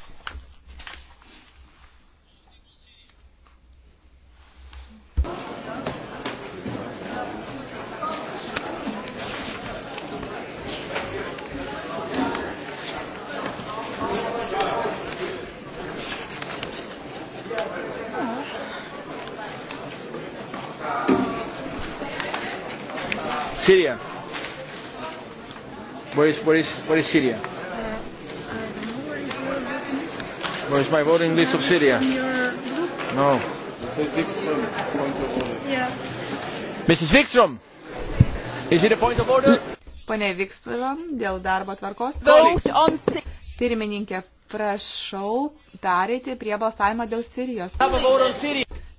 Syria. Where is, where is, where is Syria? Uh, um, where, is your voting list? where is my voting list of Syria? No. Mrs. Wikstrom, is it a point of order? Pane Wikstrom, dėl darbo tvarkos. Pirmininkė, prašau pereiti prie balsavimo dėl Sirijos.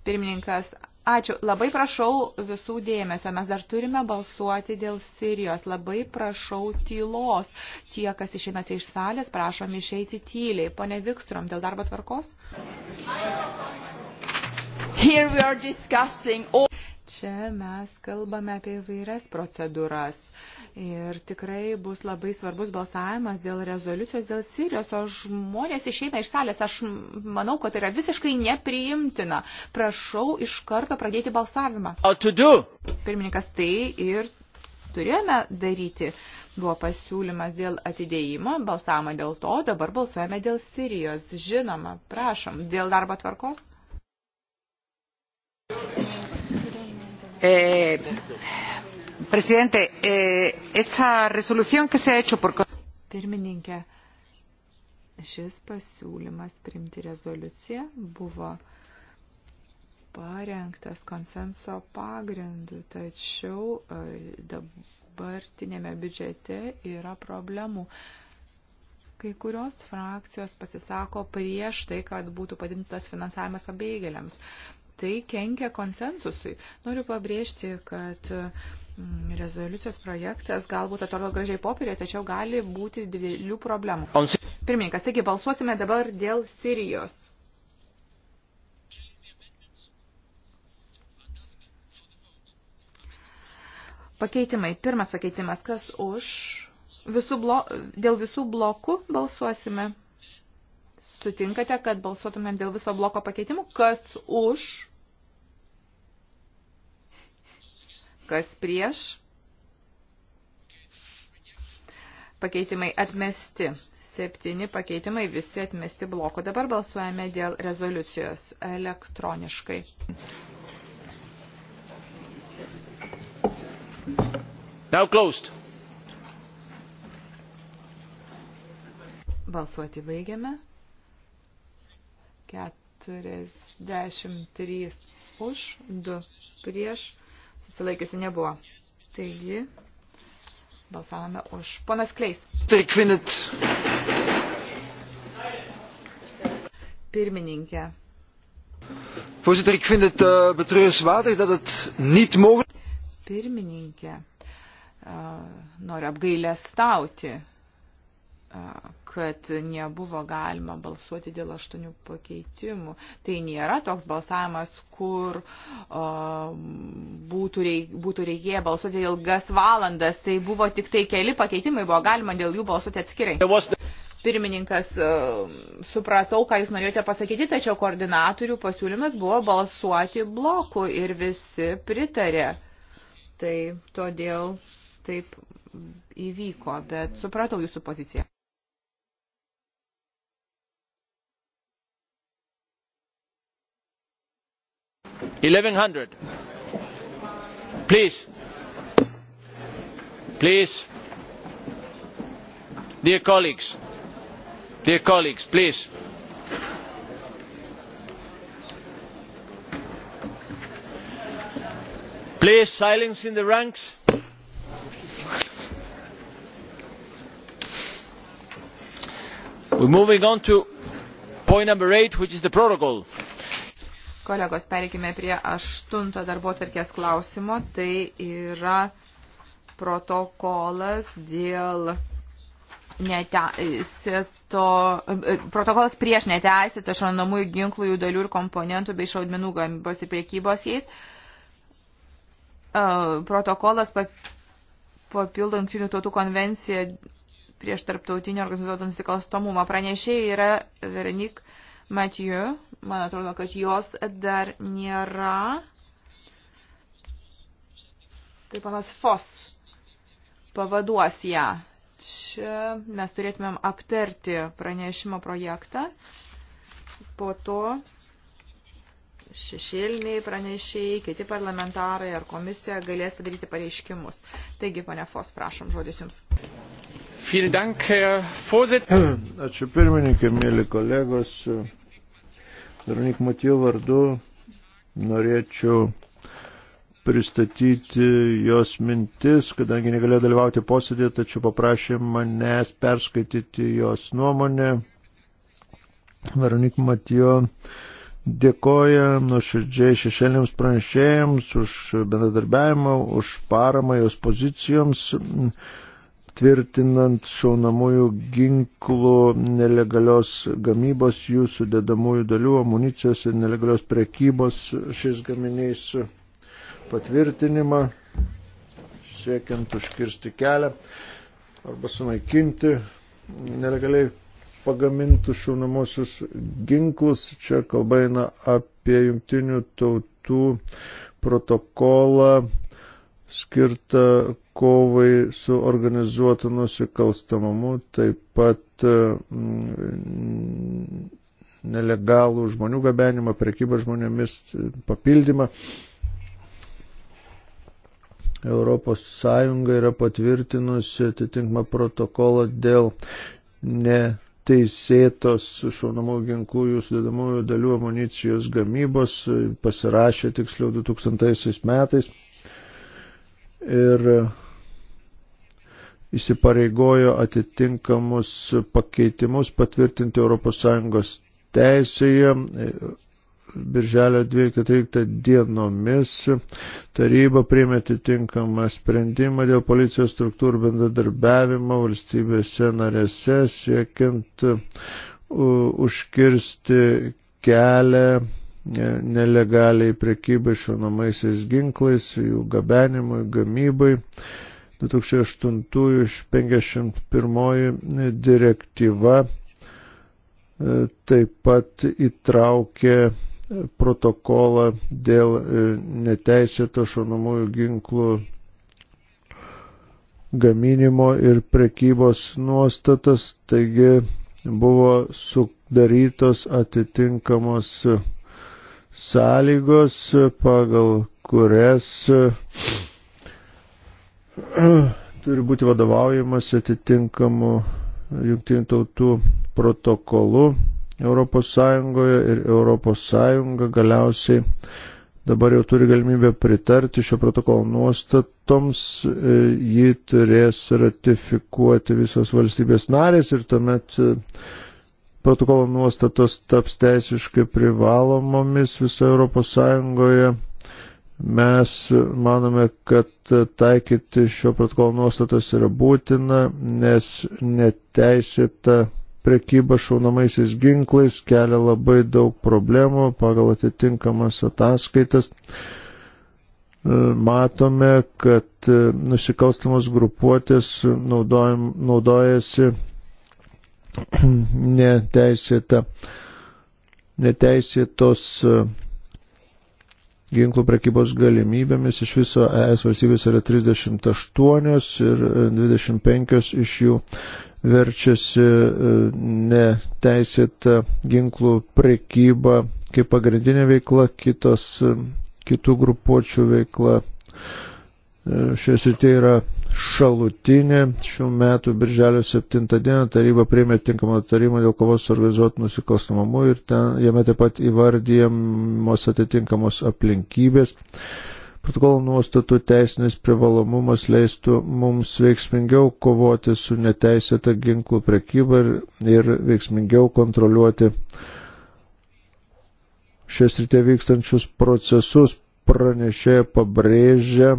Pirmininkas, Ačiū. Labai prašau visų dėmesio. Mes dar turime balsuoti dėl Sirijos. Labai prašau tylos. Tie, kas išeinate iš salės, prašom išeiti tyliai. Pone Vikstrom, dėl darbo tvarkos. All... Čia mes kalbame apie vairias procedūras. Uh, Ir tikrai bus labai svarbus balsavimas dėl rezoliucijos, dėl Sirijos, o žmonės išeina iš salės. Aš manau, kad tai yra visiškai nepriimtina. Prašau iš karto pradėti balsavimą. Pirmininkas, tai ir turėjome daryti. Buvo pasiūlymas dėl atidėjimo, balsavimą dėl to, dabar balsuojame dėl Sirijos. Žinoma, prašom, dėl darbo tvarkos. E... Presidente, eh, esta resolución que se ha hecho por... Pirmininkė, šis pasiūlymas priimti rezoliuciją buvo parengtas konsenso pagrindu, tačiau eh, dabartinėme biudžete yra problemų. Kai kurios frakcijos pasisako prieš tai, kad būtų padintas finansavimas pabėgėliams. Tai kenkia konsensusui. Noriu pabrėžti, kad uh, Mm, rezoliucijos projektas galbūt atrodo gražiai popierė, tačiau gali būti didelių problemų. Pirmininkas, taigi balsuosime dabar dėl Sirijos. Pakeitimai. Pirmas pakeitimas. Kas už? Visų blo... Dėl visų blokų balsuosime. Sutinkate, kad balsuotumėm dėl viso bloko pakeitimų? Kas už? kas prieš. Pakeitimai atmesti. Septyni pakeitimai visi atmesti bloko. Dabar balsuojame dėl rezoliucijos elektroniškai. Now closed. Balsuoti baigiame. 43 už, 2 prieš Sulaikiusi nebuvo. Taigi, balsavome už. Ponas Kleis. Take minute. Pirmininkė. Voorzitter, ik vind het uh, betreurenswaardig dat het niet mogelijk... Pirmininkė. Uh, noriu apgailę stauti kad nebuvo galima balsuoti dėl aštuonių pakeitimų. Tai nėra toks balsavimas, kur o, būtų, reik, būtų reikėję balsuoti ilgas valandas. Tai buvo tik tai keli pakeitimai, buvo galima dėl jų balsuoti atskirai. Pirmininkas, supratau, ką jūs norėjote pasakyti, tačiau koordinatorių pasiūlymas buvo balsuoti bloku ir visi pritarė. Tai todėl taip įvyko, bet supratau jūsų poziciją. 1100 please please dear colleagues dear colleagues please please silence in the ranks we're moving on to point number eight which is the protocol Kolegos, pereikime prie aštunto darbo tvarkės klausimo. Tai yra protokolas dėl neteisėto, protokolas prieš neteisėtą šaunamųjų ginklų, jų dalių ir komponentų bei šaudmenų gamybos ir priekybos jais. E, protokolas papildo Junktinių tautų konvenciją prieš tarptautinį organizuotą nusikalstamumą. Pranešėjai yra Veronik Matiju. Man atrodo, kad jos dar nėra. Tai panas Fos pavaduos ją. Čia mes turėtumėm aptarti pranešimo projektą. Po to šešėliniai pranešėjai, kiti parlamentarai ar komisija galės padaryti pareiškimus. Taigi, ponia Fos, prašom, žodis jums. Ačiū pirmininkai, mėly kolegos. Veronik Matijo vardu norėčiau pristatyti jos mintis, kadangi negalėjo dalyvauti posėdėje, tačiau paprašė manęs perskaityti jos nuomonę. Veronik Matijo dėkoja nuoširdžiai šešėliams pranešėjams už bendradarbiavimą, už paramą jos pozicijoms tvirtinant šaunamųjų ginklų nelegalios gamybos, jų sudedamųjų dalių, amunicijos ir nelegalios prekybos šiais gaminiais patvirtinimą, siekiant užkirsti kelią arba sunaikinti nelegaliai pagamintus šaunamosius ginklus. Čia kalba eina apie jungtinių tautų protokolą skirtą kovai su organizuotu nusikalstamumu, taip pat e, mm, nelegalų žmonių gabenimą, prekybą žmonėmis, e, papildymą. Europos Sąjunga yra patvirtinusi atitinkamą protokolą dėl neteisėtos šaunamų ginklų jų sudedamųjų dalių amunicijos gamybos, pasirašė tiksliau 2000 metais. Ir įsipareigojo atitinkamus pakeitimus patvirtinti ES teisėje e, birželio 12-13 dienomis taryba priėmė atitinkamą sprendimą dėl policijos struktūrų bendradarbiavimo valstybėse narėse siekiant e, užkirsti kelią e, nelegaliai prekybai šaunamaisiais ginklais, jų gabenimui, gamybai. 2008-51 direktyva e, taip pat įtraukė protokolą dėl e, neteisėto šaunamųjų ginklų gaminimo ir prekybos nuostatas, taigi buvo sudarytos atitinkamos sąlygos, pagal kurias turi būti vadovaujamas atitinkamu jungtinių tautų protokolu Europos Sąjungoje ir Europos Sąjunga galiausiai dabar jau turi galimybę pritarti šio protokolo nuostatoms, e, jį turės ratifikuoti visos valstybės narės ir tuomet e, protokolo nuostatos taps teisiškai privalomomis visoje Europos Sąjungoje Mes manome, kad taikyti šio protokolo nuostatas yra būtina, nes neteisėta prekyba šaunamaisiais ginklais kelia labai daug problemų pagal atitinkamas ataskaitas matome, kad nusikalstamos grupuotės naudojasi neteisėta, neteisėtos ginklų prekybos galimybėmis. Iš viso ES valstybės yra 38 ir 25 e, iš jų verčiasi e, neteisėta ginklų prekyba kaip pagrindinė veikla, kitos, e, kitų grupuočių veikla. Šioje srityje yra šalutinė šių metų birželio 7 dieną taryba priėmė tinkamą tarimą dėl kovos su organizuotų nusikalstamumu ir ten, jame taip pat įvardyjamos atitinkamos aplinkybės. Protokolo nuostatų teisinis privalomumas leistų mums veiksmingiau kovoti su neteisėta ginklų prekyba ir, ir veiksmingiau kontroliuoti šias rytė vykstančius procesus pranešė pabrėžė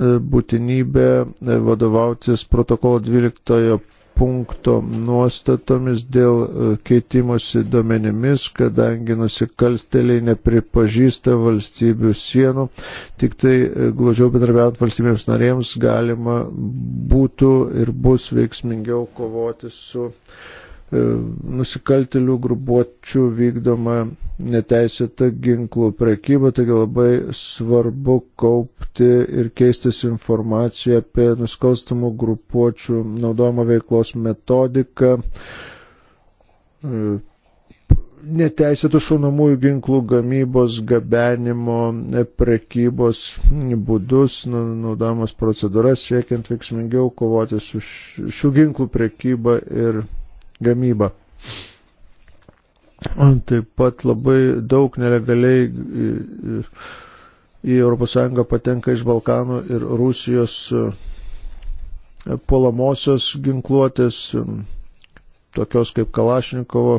būtinybę e, vadovautis protokolo 12 punkto nuostatomis dėl e, keitimosi duomenimis, kadangi nusikalteliai nepripažįsta valstybių sienų, tik tai e, glaudžiau bendrabiant valstybėms narėms galima būtų ir bus veiksmingiau kovoti su uh, E, nusikaltelių grubuočių vykdoma neteisėta ginklų prekyba, taigi labai svarbu kaupti ir keistis informaciją apie nusikalstamų grupuočių naudojimo veiklos metodiką, e, neteisėtų šaunamųjų ginklų gamybos, gabenimo, e, prekybos būdus, nu, naudojamos procedūras, siekiant veiksmingiau kovoti su šių ginklų prekyba ir gamybą. Taip pat labai daug nelegaliai e, e, į ES patenka iš Balkanų ir Rusijos e, puolamosios ginkluotės, tokios kaip Kalašnikovo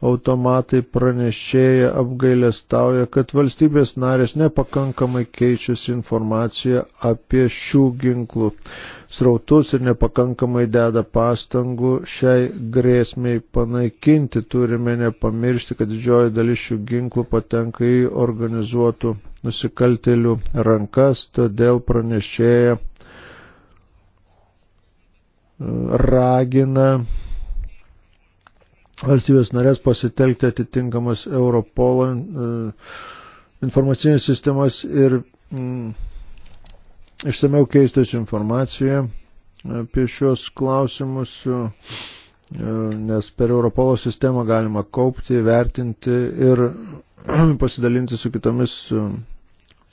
automatai pranešėja apgailestauja, kad valstybės narės nepakankamai keičiasi informaciją apie šių ginklų srautus ir nepakankamai deda pastangų šiai grėsmiai panaikinti. Turime nepamiršti, kad didžioji dalis šių ginklų patenka į organizuotų nusikaltelių rankas, todėl pranešėja e, ragina valstybės narės pasitelkti atitinkamas Europolo e, informacinės sistemas ir mm, išsameu keistas informaciją apie šios klausimus, e, nes per Europolo sistemą galima kaupti, vertinti ir pasidalinti su kitomis e,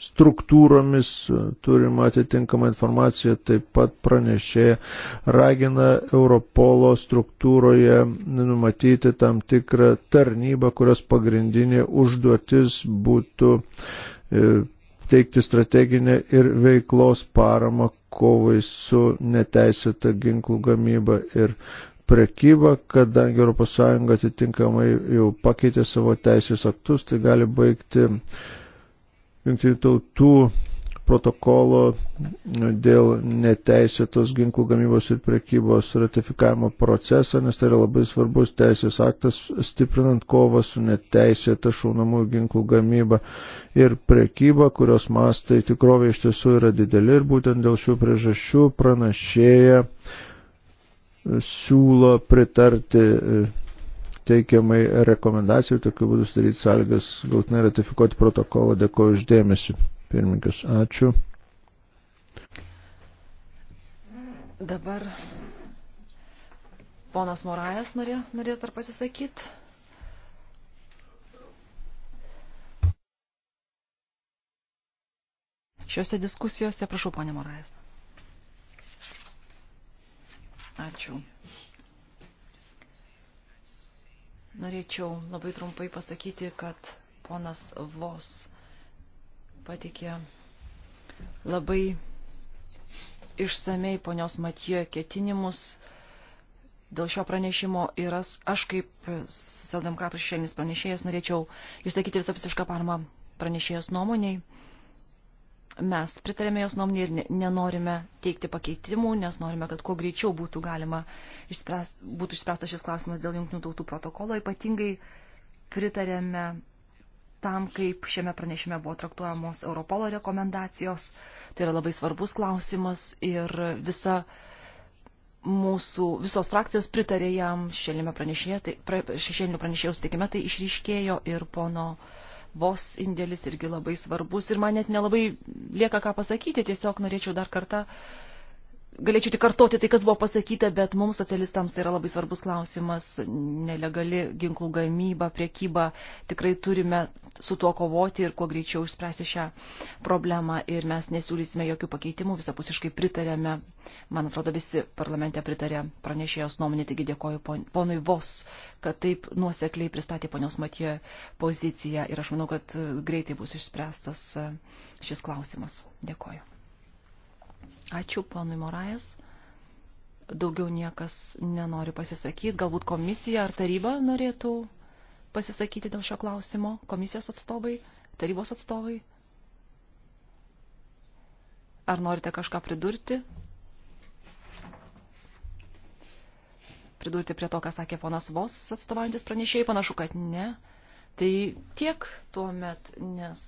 struktūromis e, turima atitinkama informacija, taip pat pranešė ragina Europolo struktūroje numatyti tam tikrą tarnybą, kurios pagrindinė užduotis būtų e, teikti strateginę ir veiklos paramą kovai su neteisėta ginklų gamyba ir prekybą, kadangi ES atitinkamai jau pakeitė savo teisės aktus, tai gali baigti uh, jungtinių tautų protokolo dėl neteisėtos ginklų gamybos ir prekybos ratifikavimo procesą, nes tai yra labai svarbus teisės aktas, stiprinant kovą su neteisėta šaunamų ginklų gamyba ir prekyba, kurios mastai tikrovė iš tiesų yra dideli ir būtent dėl šių priežasčių pranašėja siūlo pritarti teikiamai rekomendacijų, tokiu būdu sudaryti sąlygas galtinai ratifikuoti protokolą. Dėkuoju uždėmesi. Pirmininkas, ačiū. Dabar ponas Morajas norė, norės dar pasisakyti. Šiuose diskusijose, prašau, ponė Morajas. Ačiū. Norėčiau labai trumpai pasakyti, kad ponas Vos patikė labai išsamei ponios Matijo ketinimus. Dėl šio pranešimo ir aš kaip socialdemokratų šešėlinis pranešėjas norėčiau išsakyti visą visišką parmą pranešėjos nuomoniai mes pritarėme jos nuomonė ir nenorime teikti pakeitimų, nes norime, kad kuo greičiau būtų galima išspręs, būtų išspręstas šis klausimas dėl jungtinių tautų protokolo. Ypatingai pritarėme tam, kaip šiame pranešime buvo traktuojamos Europolo rekomendacijos. Tai yra labai svarbus klausimas ir visa mūsų visos frakcijos pritarė jam šešėlinio pranešėjo, tai, pra, pranešėjo sutikime, tai išryškėjo ir pono uh, vos indėlis irgi labai svarbus ir man net nelabai lieka ką pasakyti, tiesiog norėčiau dar kartą galėčiau tik kartoti tai, kas buvo pasakyta, bet mums socialistams tai yra labai svarbus klausimas. Nelegali ginklų gamyba, priekyba, tikrai turime su tuo kovoti ir kuo greičiau išspręsti šią problemą. Ir mes nesiūlysime jokių pakeitimų, visapusiškai pritarėme. Man atrodo, visi parlamente pritarė pranešėjos nuomonė, taigi dėkoju ponui Vos, kad taip nuosekliai pristatė ponios Matijo poziciją ir aš manau, kad greitai bus išspręstas e, šis klausimas. Dėkoju. Ačiū ponui Morais. Daugiau niekas nenori pasisakyti. Galbūt komisija ar taryba norėtų pasisakyti dėl šio klausimo? Komisijos atstovai, tarybos atstovai? Ar norite kažką pridurti? Pridurti prie to, ką sakė ponas Vos atstovaujantis pranešėjai, panašu, kad ne. Tai tiek tuomet, nes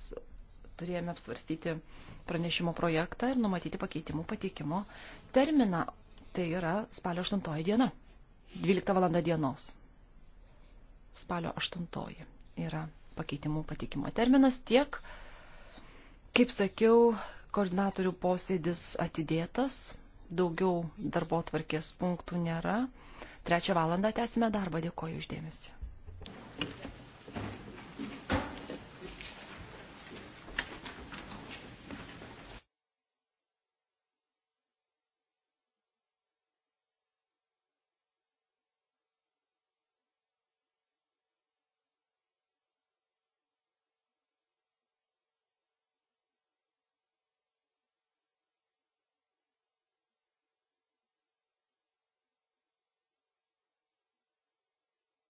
turėjome apsvarstyti pranešimo projektą ir numatyti pakeitimų pateikimo terminą. Tai yra spalio 8 diena, 12 valanda dienos. Spalio 8 yra pakeitimų pateikimo terminas tiek, kaip sakiau, koordinatorių posėdis atidėtas, daugiau darbo tvarkės punktų nėra. Trečią valandą tęsime darbą, dėkoju uždėmesi.